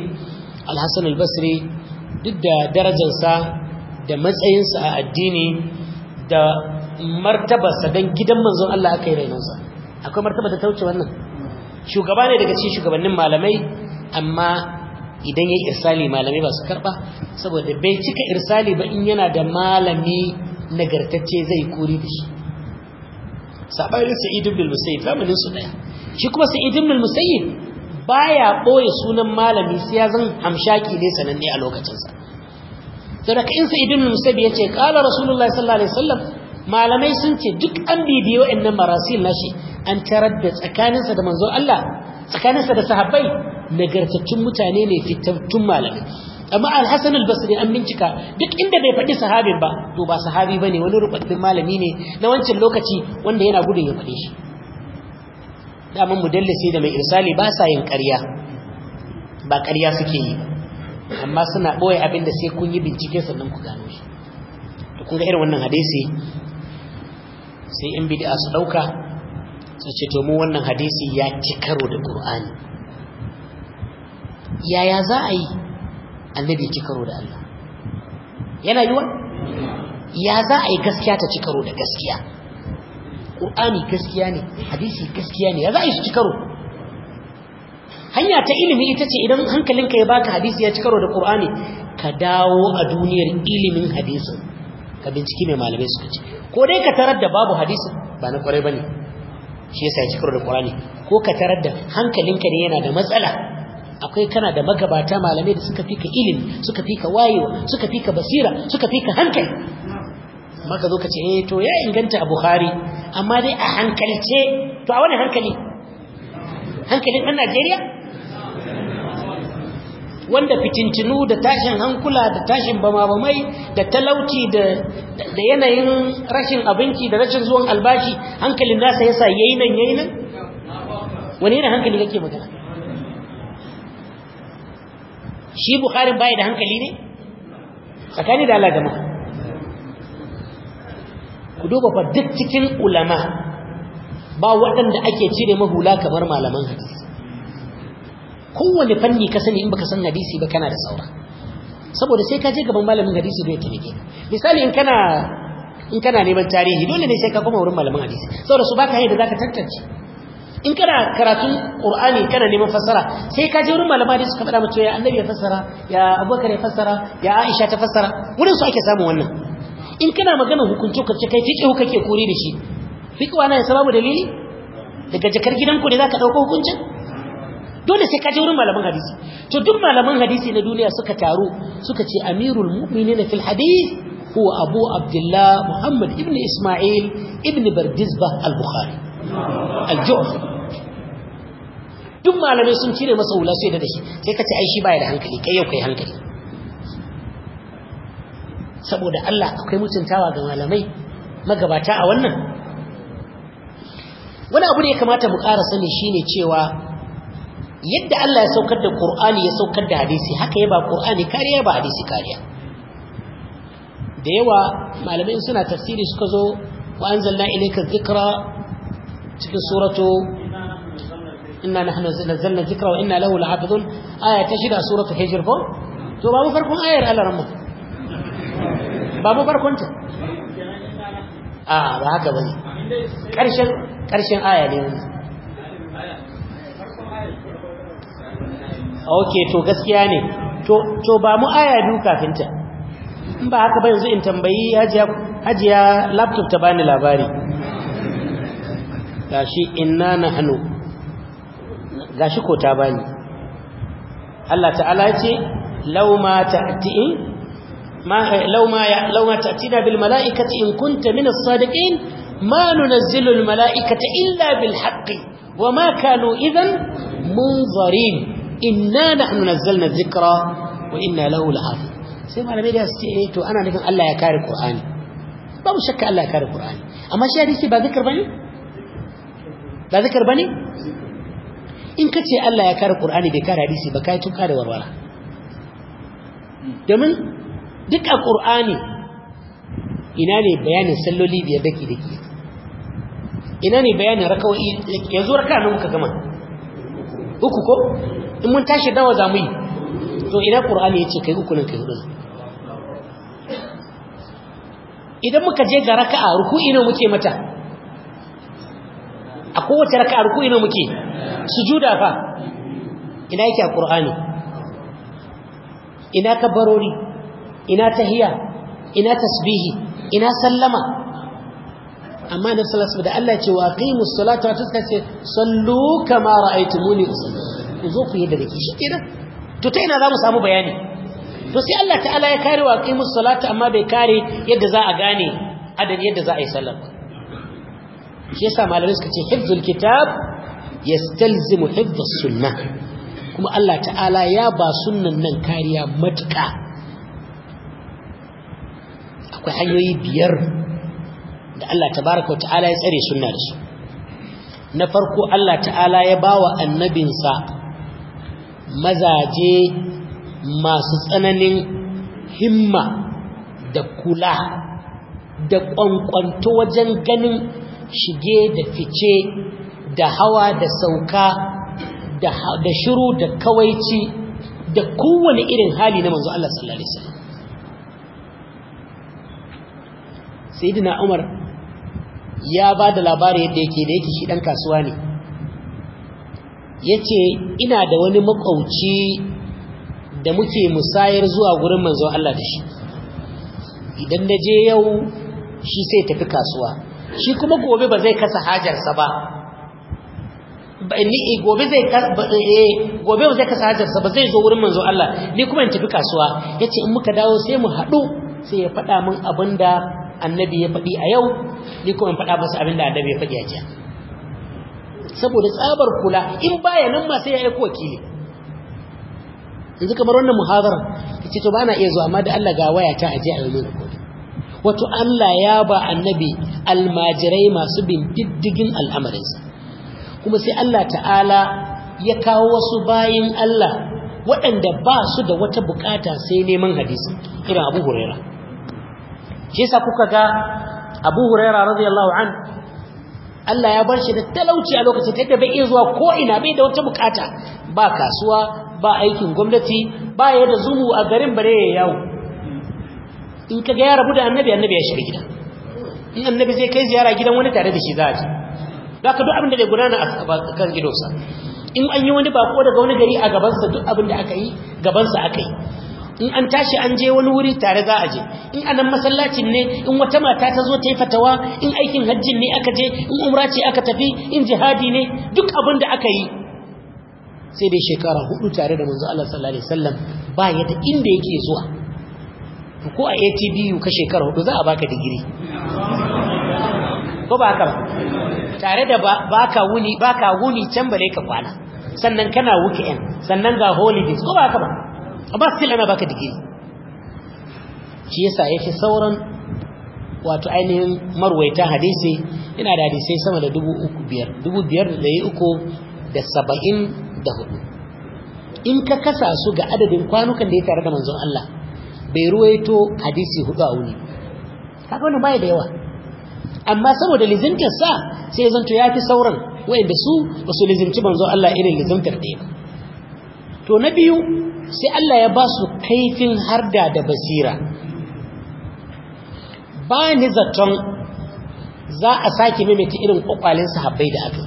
الحسن البصري ضد درجة سا ده matsayinsa سا addini ده مرتبة don gidan manzon Allah aka yi rainonsa akwai martaba da wannan shugaba ne daga cikin shugabannin malamai amma idan yayi irsali malamai ba su karba saboda bai cika irsali ba in yana da malami nagartacce zai kuri da shi sabai sa'id ibn al-musayyib zamanin su daya shi kuma sa'id ibn al-musayyib baya boye sunan malami sai ya zan hamshaki ne sananne a lokacin sa saboda in sa'id ibn al-musayyib yace qala rasulullahi sallallahu alaihi wasallam malamai sun ce duk an bibiyo waannan marasil nashi an tarar da tsakaninsa da manzo Allah tsakaninsa da sahabbai nagartattun mutane ne fitattun malamai amma al-Hasan al-Basri an bincika duk inda bai faɗi sahabin ba to ba sahabi bane wani rubutun malami ne na wancan lokaci wanda yana gudun ya faɗe shi daman mudallisi da mai irsali ba sa yin ƙarya ba ƙarya suke yi amma suna boye abin da sai kun yi bincike sannan ku gano shi to kun ga irin wannan hadisi sai in bid'a su dauka su ce to mu wannan hadisi ya ci karo da qur'ani yaya za a yi annabi ya ci karo da Allah yana yiwa ya za a yi gaskiya ta ci karo da gaskiya qur'ani gaskiya ne hadisi gaskiya ne ya za a yi su ci karo hanya ta ilimi ita ce idan hankalinka ya baka hadisi ya ci karo da qur'ani ka dawo a duniyar ilimin hadisin ka binciki mai malamai suka ce ko dai ka tarar da babu hadisi ba na kwarai bane shi yasa ya cikin da Qur'ani ko ka tarar da hankalinka ne yana da matsala akwai kana da magabata malamai da suka fika ilimi suka fika wayewa suka fika basira suka fika hankali maka zo ka ce eh to ya inganta a Bukhari amma dai a hankalce to a wani hankali hankalin ɗan Najeriya wanda fitintinu da tashin hankula da tashin bamabamai da talauci da yanayin rashin abinci da rashin zuwan albashi hankalin nasa yasa yayi nan yayi nan wani yana hankali kake magana shi bukhari bai da hankali ne tsakani da Allah gama ku duba fa duk cikin ulama ba waɗanda ake cire mahula kamar malaman hadisi kowane fanni ka sani in baka san hadisi ba kana da saura saboda sai ka je gaban malamin hadisi ya taimake misali in kana in kana neman tarihi dole ne sai ka koma wurin malamin hadisi saboda su baka yadda zaka tantance in kana karatun qur'ani kana neman fassara sai ka je wurin malamin hadisi ka faɗa mutum ya annabi ya fassara ya abubakar ya fassara ya aisha ta fassara wurin su ake samun wannan in kana magana hukunci hukunci kai fiqh kake kore da shi fiqh na ya sababu dalili daga jakar gidanku ne zaka dauko hukuncin dole sai ka je wurin malaman hadisi to duk malaman hadisi na duniya suka taru suka ce amirul mu'minina fil hadith huwa abu abdullah muhammad ibn isma'il ibn bardizbah al-bukhari al-ju'fi duk malamai sun cire masa wula sai da shi sai ka ce ai shi baya da hankali kai yau kai hankali saboda Allah akwai mutuntawa ga malamai magabata a wannan wani abu ne ya kamata mu ƙara sani shine cewa yadda Allah ya saukar da Qur'ani ya saukar da hadisi haka ya ba Qur'ani kariya ba hadisi kariya da yawa malamai suna tafsiri suka zo wa anzalna ilayka dhikra cikin suratu inna nahnu nazzalna dhikra wa inna lahu lahafizun aya ta shida suratu hijr ko to babu farkon ayar alaramma babu farkon ta a ba haka bane karshen karshen aya ne wannan okay to gaskiya ne to to ba mu aya biyu kafin ta in ba haka ba yanzu in tambayi hajiya hajiya laptop ta bani labari gashi inna nahnu gashi ko ta bani Allah ta'ala ya ce law ma ta'ti ما bil mala'ikati in kunta min as-sadiqin ma من الصادقين ما ننزل الملائكة إلا بالحق وما كانوا إذا inna da an nazzalna dhikra wa inna lahu lahafiz sai malamai da su ce eh to ana nufin Allah ya kare Qur'ani babu shakka Allah ya kare Qur'ani amma shi hadisi ba zikr bane ba zikr bane in kace Allah ya kare Qur'ani bai kare hadisi ba kai tun kare warwara domin duka a Qur'ani ina ne bayanin salloli biyar daki daki ina ne bayanin rakawai yanzu raka nan muka gama uku ko in mun tashi dawa za mu yi to ina qur'ani yace kai uku nan kai hudu idan muka je ga raka'a ruku'i ne muke mata a kowace raka'a ruku'i ne muke sujuda fa ina yake a qur'ani ina kabarori ina tahiya ina tasbihi ina sallama amma na sallallahu da Allah ce wa aqimus salata wa tazkaru sallu kama ra'aytumuni usalli ku zo ku yi da dake shikenan to ta ina za mu samu bayani to sai Allah ta'ala ya kare wa aqimus salata amma bai kare yadda za a gane adadin yadda za a yi sallah shi yasa malamai suka ce hifzul kitab yastalzimu hifzus sunnah kuma Allah ta'ala ya ba sunnan nan kariya matuƙa akwai hanyoyi biyar da Allah tabaraka wa ta'ala ya tsare sunna da su na farko Allah ta'ala ya ba wa annabinsa mazaje masu tsananin himma da kula da ƙwanƙwanto wajen ganin shige da fice da hawa da sauka da shiru da kawaici da kowane irin hali na manzo Allah sallallahu Alaihi wasallam Sayyidina Umar ya ba da labarin yadda yake da yake shi ɗan kasuwa ne yace ina da wani makauci da muke musayar zuwa gurin manzo Allah da shi idan na je yau shi sai tafi kasuwa shi kuma gobe ba zai kasa hajarsa ba ni eh, gobe zai eh, gobe ba zai kasa hajarsa ba zai zo wurin manzo Allah ni kuma in tafi kasuwa yace in muka dawo sai mu haɗu sai ya faɗa min abinda annabi ya faɗi a yau ni kuma in faɗa masa abinda annabi ya faɗi a jiya saboda tsabar kula in baya nan ma sai ya aiko wakili yanzu kamar wannan muhazarar ta ce to ba iya zuwa amma da Allah ga waya ta aje a yau da wato Allah ya ba annabi almajirai masu bin diddigin al'amarinsa kuma sai Allah ta'ala ya kawo wasu bayin Allah waɗanda ba su da wata bukata sai neman hadisi irin abu huraira shi yasa kuka ga abu huraira radiyallahu an Allah ya bar shi da talauci a lokacin da bai iya zuwa ko ina bai da wata bukata ba kasuwa ba aikin gwamnati ba ya da zumu a garin bare ya yawo in kaga ya rabu da annabi annabi ya shiga gida in annabi zai kai ziyara gidan wani tare da shi za a ji da ka duk abin da zai gudana a kan gidansa in an yi wani bako daga wani gari a gabansa duk abin da aka yi gabansa aka yi in an tashi an je wani wuri tare za a je in anan masallacin ne in wata mata ta zo ta yi fatawa in aikin hajjin ne aka je in umra ce aka tafi in jihadi ne duk abin da aka yi sai dai shekara hudu tare da manzo Allah sallallahu alaihi wasallam ba ya da inda yake zuwa ko a ATBU ka shekara hudu za a baka digiri ko ba ka ba tare da baka wuni baka wuni can bare ka kwana sannan kana weekend sannan ga holidays ko ba ka ba amma still ana baka digiri shi yasa yafi sauran wato ainihin marwaita hadisi ina da hadisai sama da dubu uku da da hudu in ka kasa su ga adadin kwanukan da ya tare da manzon Allah bai ruwaito hadisi hudu a wuni kaga wannan bai da yawa amma saboda lizinkin sa sai ya zanto yafi sauran wayanda su ba su manzon Allah irin lizinkin da yake to na biyu sai Allah ya ba su kaifin harda da basira ba ni zaton za a sake maimaita irin kwakwalin sahabbai da aka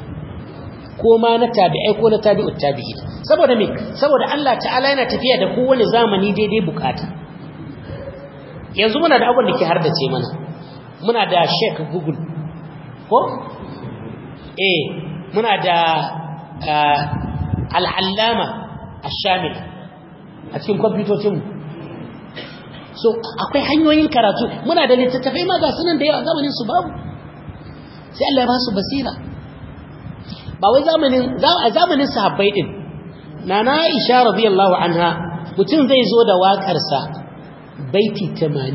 ko ma na tabi'ai ko na tabi'ut tabi'i saboda me saboda Allah ta'ala yana tafiya da kowane zamani daidai bukata yanzu muna da abin da ke hardace mana muna da shek google ko eh muna da ah, al'allama ashamil a cikin kwamfutocin so akwai hanyoyin karatu muna da littattafai ma ga sunan da yawa zamanin su babu sai Allah ya ba su basira ba wai zamanin zamanin sahabbai din nana Aisha radiyallahu anha mutum zai zo da wakar sa baiti 80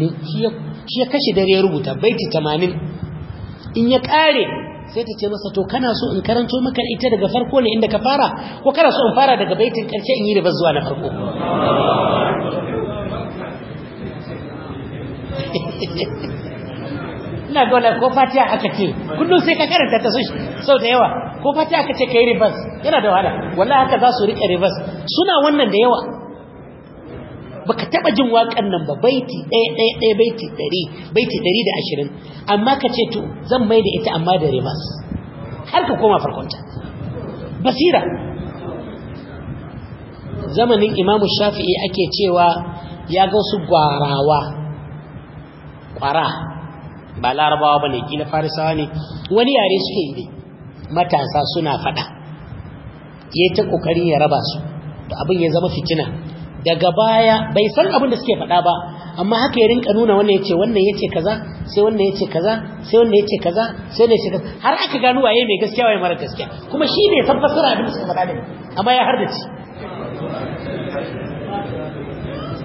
shi ya kashe dare ya rubuta baiti 80 in ya kare sai ta ce masa to kana so in karanto maka ita daga farko ne inda ka fara ko kana so in fara daga baitin karshe in yi da zuwa na farko [LAUGHS] ina ga wala ko fatiya aka ce kullum sai ka karanta ta sau da yawa ko fatiya aka ce ka yi ribas yana da wahala wallahi haka za su rike ribas suna wannan da yawa baka taba jin wakan nan ba baiti ɗaya ɗaya ɗaya baiti ɗari baiti ɗari da ashirin amma ka ce to zan mai da ita amma da rivers har ka koma farkonta basira zamanin imamu shafi'i ake cewa ya ga wasu gwarawa kwara ba larabawa ba ne kila farisawa ne wani yare suke yi ne matasa suna fada ya ta ƙoƙarin ya raba su da abin ya zama fitina daga baya bai san abin da suke faɗa ba amma haka ya rinka nuna wannan yace wannan yace kaza sai wannan yace kaza sai wannan yace kaza sai wannan yace kaza har aka gano waye mai gaskiya waye mara gaskiya kuma shi ne san abin da suka faɗa ne amma ya har da ci.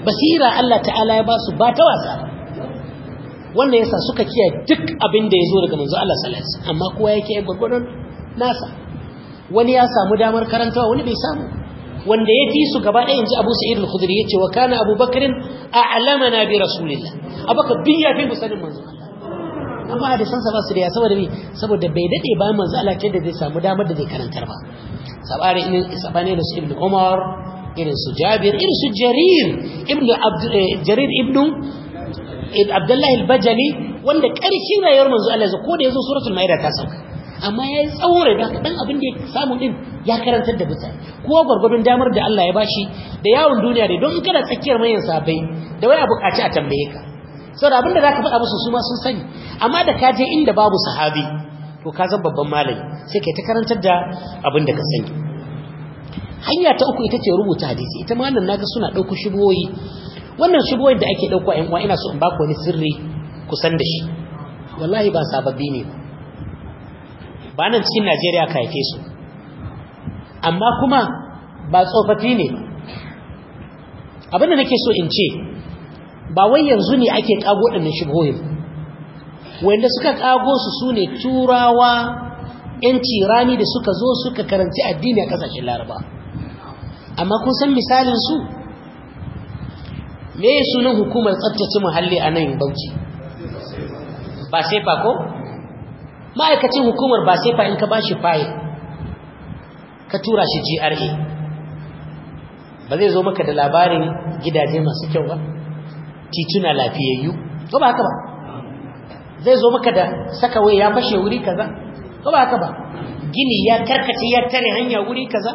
basira Allah ta'ala ya ba su ba ta wasa wannan yasa suka kiya duk abin da ya zo daga manzo Allah sallallahu alaihi wasallam amma kowa yake gurgurdan nasa wani ya samu damar karantawa wani bai samu wanda ya fi su gaba ɗaya inji abu sa'id al-khudri yace wa kana abu bakrin a'lamana bi rasulillah abaka bin ya fi musanin manzo amma da san sa ba su da ya saboda me saboda bai dade ba manzo Allah ta da zai samu damar da zai karantar ba sabare in sabane da su Ibn umar irin su jabir irin su jarir ibnu eh, jarir Ibn abdullahi al-bajali wanda karshen rayuwar manzo Allah ya ko da yazo suratul maida ta sauka amma ya yi tsaure da ɗan abin da ya samu ɗin ya karantar da mutane kowa gwargwadon damar da Allah ya bashi da yawon duniya dai don kada tsakiyar manyan sabai da a buƙaci a tambaye ka saboda abin da za ka faɗa musu su ma sun sani amma da ka je inda babu sahabi to ka zan babban malami sai kai ta karantar da abin da ka sani hanya ta uku ita ce rubuta hadisi ita ma wannan naga suna ɗauko shibuwoyi wannan shibuwoyin da ake ɗauko a uwa ina so in baku wani sirri kusan da shi wallahi ba sababbi ne ba ba nan cikin najeriya ka haife su amma kuma ba tsofaffi ne abinda nake so in ce ba wai yanzu ne ake kago ɗannan shigoyin wanda suka kago su su ne turawa 'yan tirani da suka zo suka karanci addini a ƙasashen laraba amma kun san misalin su me sunan hukumar tsabtace muhalli a nan bauchi ba sai ko ma'aikacin hukumar ba sai fa'in in ka shi fa'in ka tura shi GRA ba zai zo maka da labarin gidaje masu kyau ba tituna lafiyayyu ko ba haka ba zai zo maka da saka ya fashe wuri kaza ko ba haka ba gini ya karkace ya tare hanya wuri kaza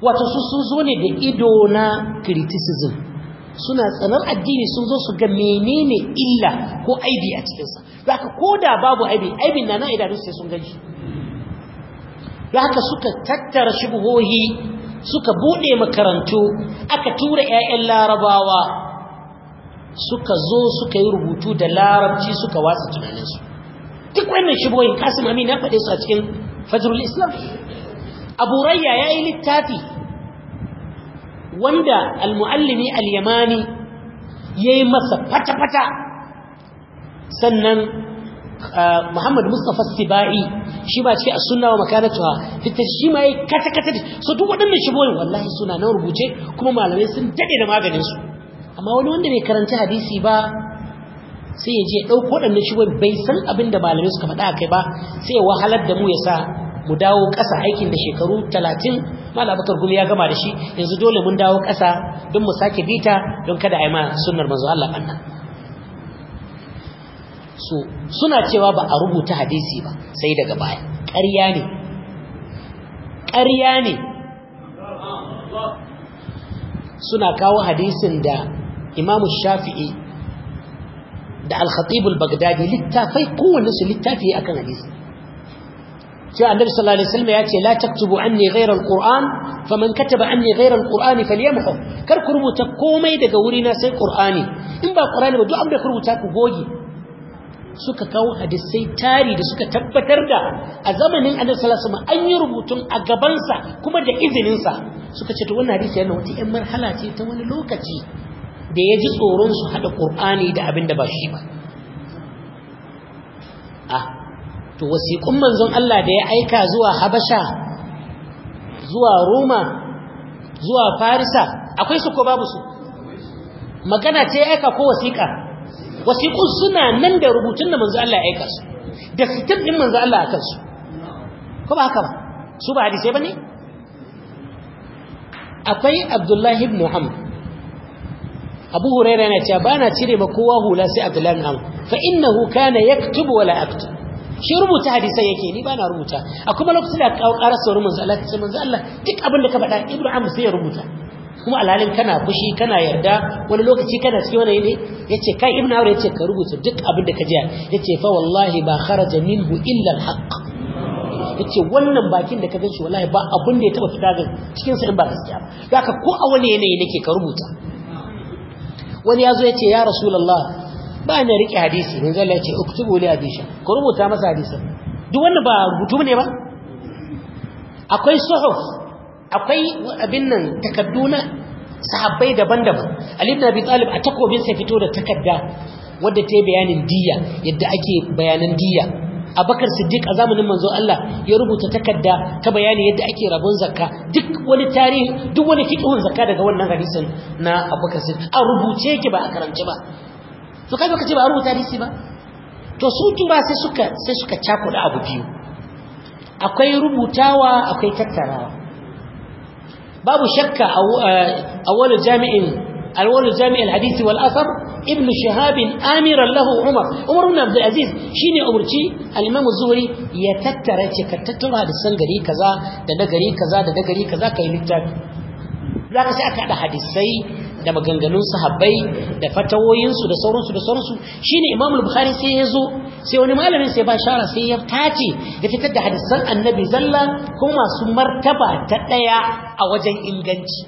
wato su sun zo ne da ido na criticism suna tsanar addini sun zo su ga menene illa ko aibi a cikinsa za ka koda babu aibi aibin na na idanu sai sun gaji da haka suka tattara shubuhohi suka bude makarantu aka tura 'ya'yan larabawa suka zo suka yi rubutu da larabci suka watsa tunaninsu duk wannan shubuhohin kasim amin ya faɗe su a cikin fajrul islam abu rayya ya yi littafi wanda almu'allimi al’yamani ya yayi masa fata-fata sannan uh, Muhammad Mustafa Sibai shi ba ce a sunna wa makaratuha fita shi ma yi kata-kata so duk waɗannan boye wallahi suna na rubuce kuma malamai sun daɗe da maganinsu amma wani wanda bai karanta hadisi ba sai ya je ɗauko waɗannan shigoyin bai san abin da malamai suka faɗa kai ba sai ya wahalar da mu ya sa mu dawo ƙasa aikin da shekaru talatin malam bakar ya gama da shi yanzu dole mun dawo ƙasa don mu sake bita don kada a yi ma sunnar manzo Allah banna suna cewa ba a rubuta hadisi ba sai daga baya ƙarya ne ƙarya ne suna kawo hadisin da Imam shafi'i da al-khatib al-baghdadi littafai kowanne su littafi akan hadisi sai annabi sallallahu alaihi wasallam ya ce la taktubu anni ghayra alquran faman kataba anni ghayra alquran falyamhu kar ku rubuta komai daga wurina sai qur'ani in ba qur'ani ba duk abin da ku rubuta ku goge suka kawo hadisai tari da suka tabbatar da a zamanin annabi sallallahu alaihi wasallam an yi rubutun a gabansa kuma da izinin sa suka ce to wannan hadisi yana wata yan marhala ce ta wani lokaci da ya ji tsoron su hada qur'ani da abin da ba shi ba ah to wasiƙun manzon Allah da ya aika zuwa habasha zuwa roma zuwa farisa akwai su ko babu su magana ce ya aika ko wasiƙa wasiƙun suna nan da rubutun da manzon Allah ya aika su da sitin ɗin manzon Allah akan su. ko ba haka ba su ba hadisai ba ne akwai abdullahi ibn muhammad abu huraira yana cewa ba na cire ma kowa hula sai abdullahi ibn muhammad fa innahu kana yaktubu wala aktub shi rubuta hadisai yake ni ba na rubuta a kuma lokacin da ka ƙara sauri manzo Allah ta ce manzo Allah duk abin da ka faɗa Ibnu sai ya rubuta kuma alhalin kana fushi kana yarda wani lokaci kana cikin wani ne yace kai Ibnu Amr yace ka rubuta duk abin da ka ji yace fa wallahi ba kharaja minhu illa al-haq yace wannan bakin da ka ganshi wallahi ba abin da ya taba fita ga cikin sa in ba gaskiya ba haka ko a wani yanayi nake ka rubuta wani yazo yace ya rasulullah ba ni rike hadisi manzo Allah ce uktubu li hadisi ku rubuta masa hadisin duk wannan ba rubutu ne ba akwai suhuf akwai abin nan takadduna sahabbai daban-daban Ali ibn Abi Talib a takobin sa fito da takadda wadda ta yi bayanin diyya yadda ake bayanan diya abakar siddiq a zamanin manzo Allah ya rubuta takadda ta bayani yadda ake rabon zakka duk wani tarihi duk wani fiqhun zakka daga wannan hadisin na abakar siddiq a rubuce yake ba a karanci ba su kai lokaci ba a rubuta disi ba to su tura sai suka sai suka cako da abu biyu akwai rubutawa akwai tattarawa babu shakka a wani jami'in alwani jami'in hadisi wal asar ibn shahab amir Allah umar umar ibn abd aziz shine umurci al-imam zuhri ya tattara ce ka tattara da san gari kaza da da gari kaza da da gari kaza kai littafi da ka sai aka haɗa hadisai da maganganun sahabbai da fatawoyinsu da sauransu da sauransu shine imamul bukhari sai ya zo sai wani malamin sai ba shara sai ya tace da fitar da hadisan annabi zalla ko masu martaba ta daya a wajen inganci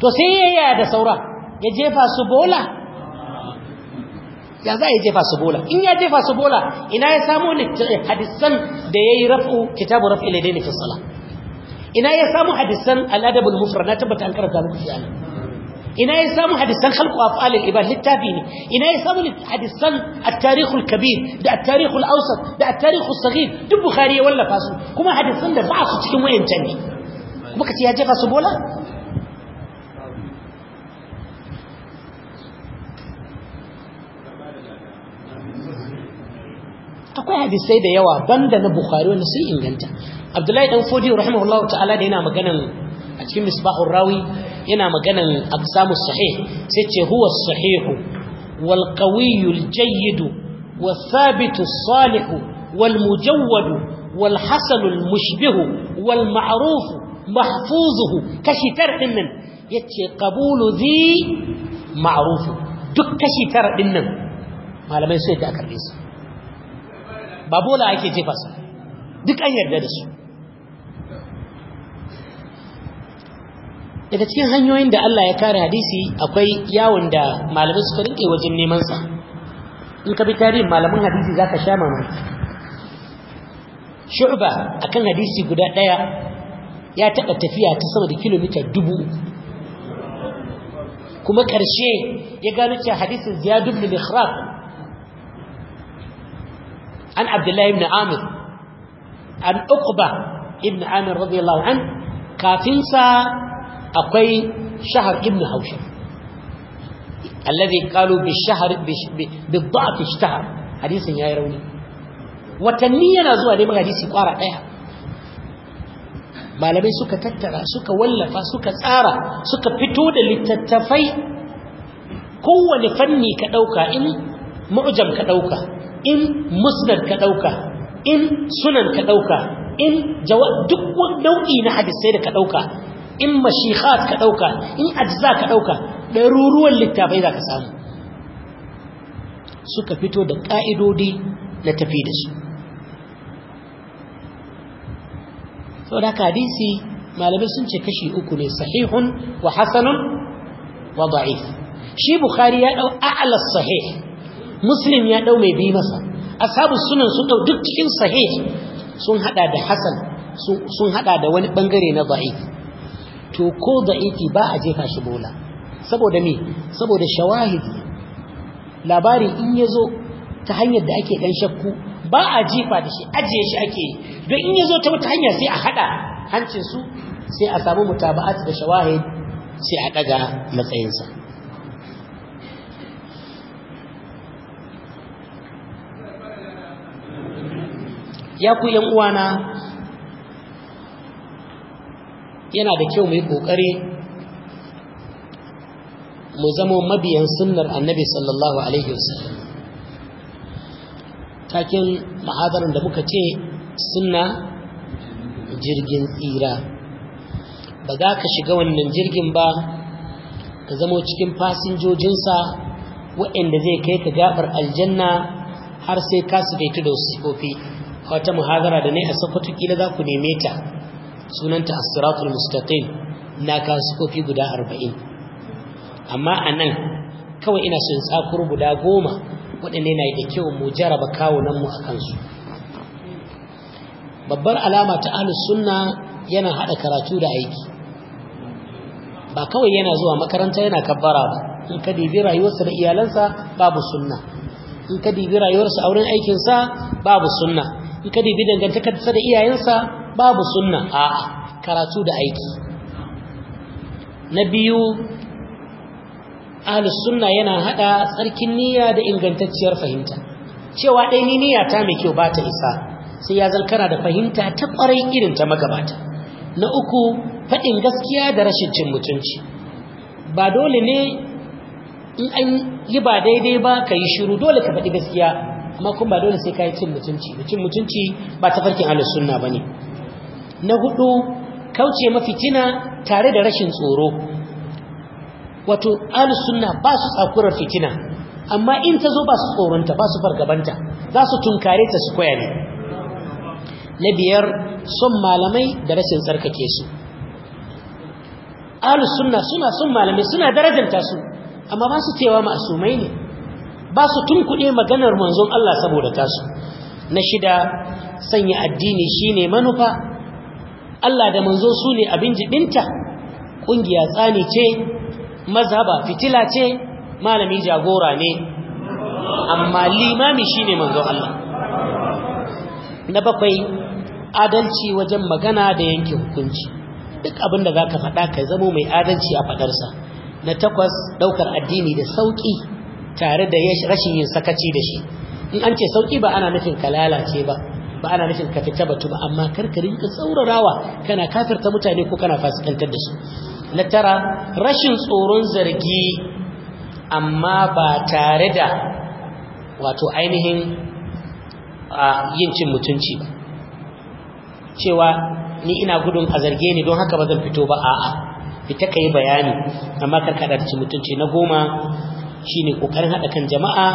to sai ya yaya da saura, ya jefa su bola ya za a ya jefa su bola in ya jefa su bola ina ya samu hadisan da ya yi raf'u kitabu raf'i ladaini fi salah ina ya samu hadisan al'adabul mufrad na tabbata an karanta muku shi anan ina ya samu hadisan halku khalqu af'alil ibad littafi ne ina ya samu hadisan a tarikh al-kabir da a tarikh al da a tarikh al duk bukhari ya wallafa su kuma hadisan da ba su cikin wayancan ne kuma kace ya jefa su bola akwai hadisai da yawa banda na bukhari wanda sun inganta abdullahi dan fodi rahimahullahu ta'ala da yana maganan a cikin misbahur rawi yana maganan aqsamu sahih sai ce huwa sahihu wal qawiy jayyidu jayyid wal thabit wal mujawwadu wal hasan mushbihu wal mahfuzuhu kashi tar din nan yace qabulu zi ma'ruf duk kashi tar din nan malamai sai da karbe su babola ake jefa su duk an yarda da su daga cikin hanyoyin da Allah ya kare hadisi akwai yawon da malamai suka rinke wajen neman sa in ka bi tarihin malamin hadisi za ka sha mamaki shu'ba akan hadisi guda ɗaya ya taba tafiya ta sama da kilomita dubu kuma ƙarshe ya gano cewa hadisin Ziyad ibn Mikhrab an Abdullahi ibn Amir an Uqba ibn Amir radiyallahu an kafinsa. akwai shahar ibn haushab alladhi qalu bi shahar bi dha'f ishtahar hadisin yayi rauni watanni yana zuwa dai hadisi kwara daya malamai suka tattara suka wallafa suka tsara suka fito da littattafai kowane fanni ka dauka in mu'jam ka dauka in musnad ka dauka in sunan ka dauka in jawab duk nau'i na hadisai da ka dauka in mashihat ka ɗauka in ajza ka ɗauka ɗaruruwan littafai za ka samu suka fito da ƙa'idodi na tafi da su sau da hadisi malamai sun ce kashi uku ne sahihun wa hasanun wa da'if shi bukhari ya ɗau a'alar sahih muslim ya ɗau mai bi masa ashabu sunan su ɗau duk cikin sahih sun hada da hasan sun hada da wani bangare na da'if to ko yake ba a jefa shi bola saboda me saboda shawahidi labari in yazo ta hanyar da ake dan shakku ba a jefa da shi ajiye shi ake don in yazo ta wata hanya sai a hada hancin su sai a samu mutaba'at da shawahid sai a daga matsayinsa ya ku yan uwana yana da kyau mai kokari mu zama mabiyan sunnar annabi sallallahu alaihi wasallam takin ma'adarin da muka ce sunna jirgin tsira ba za ka shiga wannan jirgin ba ka zama cikin fasinjojinsa waɗanda zai kai ka gabar aljanna har sai ka su da wasu sifofi wata muhazara da ne a sakwato kila za ku neme ta sunanta as-siratul mustaqim na kasufofi guda 40 amma anan kawai ina son tsakuru guda 10 waɗanne na da kyau mu jaraba kawunan mu akan su babbar alama ta ahlus sunna yana hada karatu da aiki ba kawai yana zuwa makaranta yana kabbara ba in ka dibi rayuwarsa da iyalansa babu sunna in ka dibi rayuwarsa a wurin aikinsa babu sunna in ka dibi dangantakarsa da iyayensa babu sunna a'a karatu da aiki na biyu ahlus sunna yana hada tsarkin niyya da ingantacciyar fahimta cewa dai ni niyya ta mai kyau ba ta isa sai ya zalkara da fahimta ta ƙwarai irin ta magabata na uku faɗin gaskiya da rashin cin mutunci ba dole ne in an yi ba daidai ba ka yi shiru dole ka faɗi gaskiya amma kuma ba dole sai ka yi cin mutunci da cin mutunci ba ta farkin sunna ba ne na hudu kauce mafitina tare da rashin tsoro wato al sunna ba su tsakurar fitina amma in ta zo ba su tsoronta ba su fargabanta za su tunkare ta kwaya ne na biyar son malamai da rashin tsarkake su al sunna suna sun malamai suna darajanta su amma ba su cewa ma'asumai ne ba su tunkuɗe maganar manzon Allah saboda tasu na shida sanya addini shine manufa Allah da manzo su ne abin jibinta ƙungiya tsani ce mazhaba fitila ce malami jagora ne amma limami shine manzo Allah na bakwai adalci wajen magana da yanke hukunci duk abin da zaka faɗa kai zamo mai adalci a faɗarsa na takwas ɗaukar addini da sauƙi tare da rashin yin sakaci da shi in an ce sauƙi ba ana nufin ka lalace ba ba ana nufin ka fita batu ba amma karkari ka tsaurarawa kana kafirta mutane ko kana fasikantar da su na tara rashin tsoron zargi amma ba tare da wato ainihin yin cin mutunci ba cewa ni ina gudun a zarge ne don haka ba zan fito ba a'a fita ka yi bayani amma karkada da cin mutunci na goma shine kokarin haɗa kan jama'a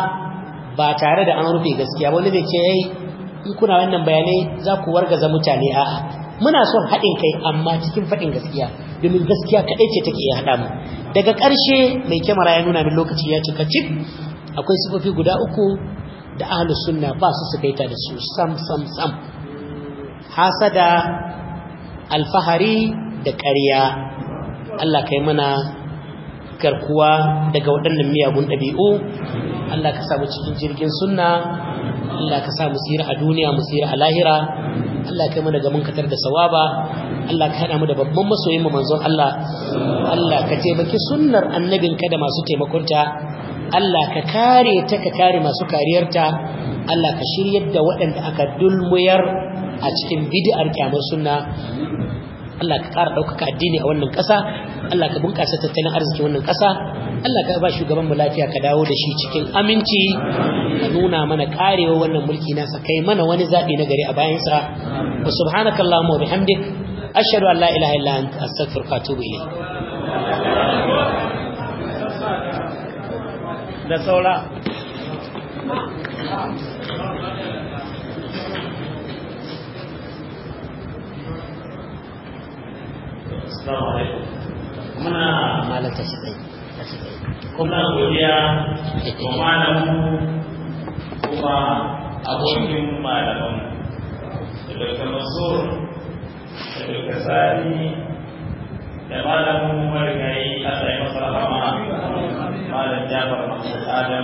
ba tare da an rufe gaskiya wani zai ce yayi kuna wannan bayanai za ku wargaza mutane a'a muna son haɗin kai amma cikin faɗin gaskiya domin gaskiya kaɗai ce take iya haɗa mu daga ƙarshe mai kyamara ya nuna min lokaci ya cika cik, akwai sifofi guda uku da ahlus sunna ba su su kaita da su sam sam sam hasada alfahari da ƙarya Allah kai mana garkuwa daga waɗannan miyagun ɗabi'u Allah ka samu cikin jirgin sunna Allah ka samu tsira a duniya mu tsira a lahira Allah kai mana daga katar da sawaba Allah ka hada mu da babban masoyin mu manzon Allah Allah ka taimaki sunnar annabin ka da masu taimakonta Allah ka kare ta ka kare masu kariyarta Allah ka shiryar da waɗanda aka dulmuyar a cikin bid'ar kyamar sunna Allah ka ƙara ɗaukaka addini a wannan ƙasa Allah ka bunƙasa tattalin arziki wannan ƙasa Allah ka ba shugaban mu lafiya ka dawo da shi cikin aminci ka nuna mana karewa wannan mulki nasa kai mana wani zaɓi na gari a bayansa wa subhanakallahumma wa bihamdik ashhadu an la ilaha illa anta astaghfiruka wa atubu ilayk da saura السلام عليكم muna malam kuma godiya wa malamu kuma abokin malaman da daga masur da daga sani da malamu marigayi a tsaye masu rahama malam jafar mahmud adam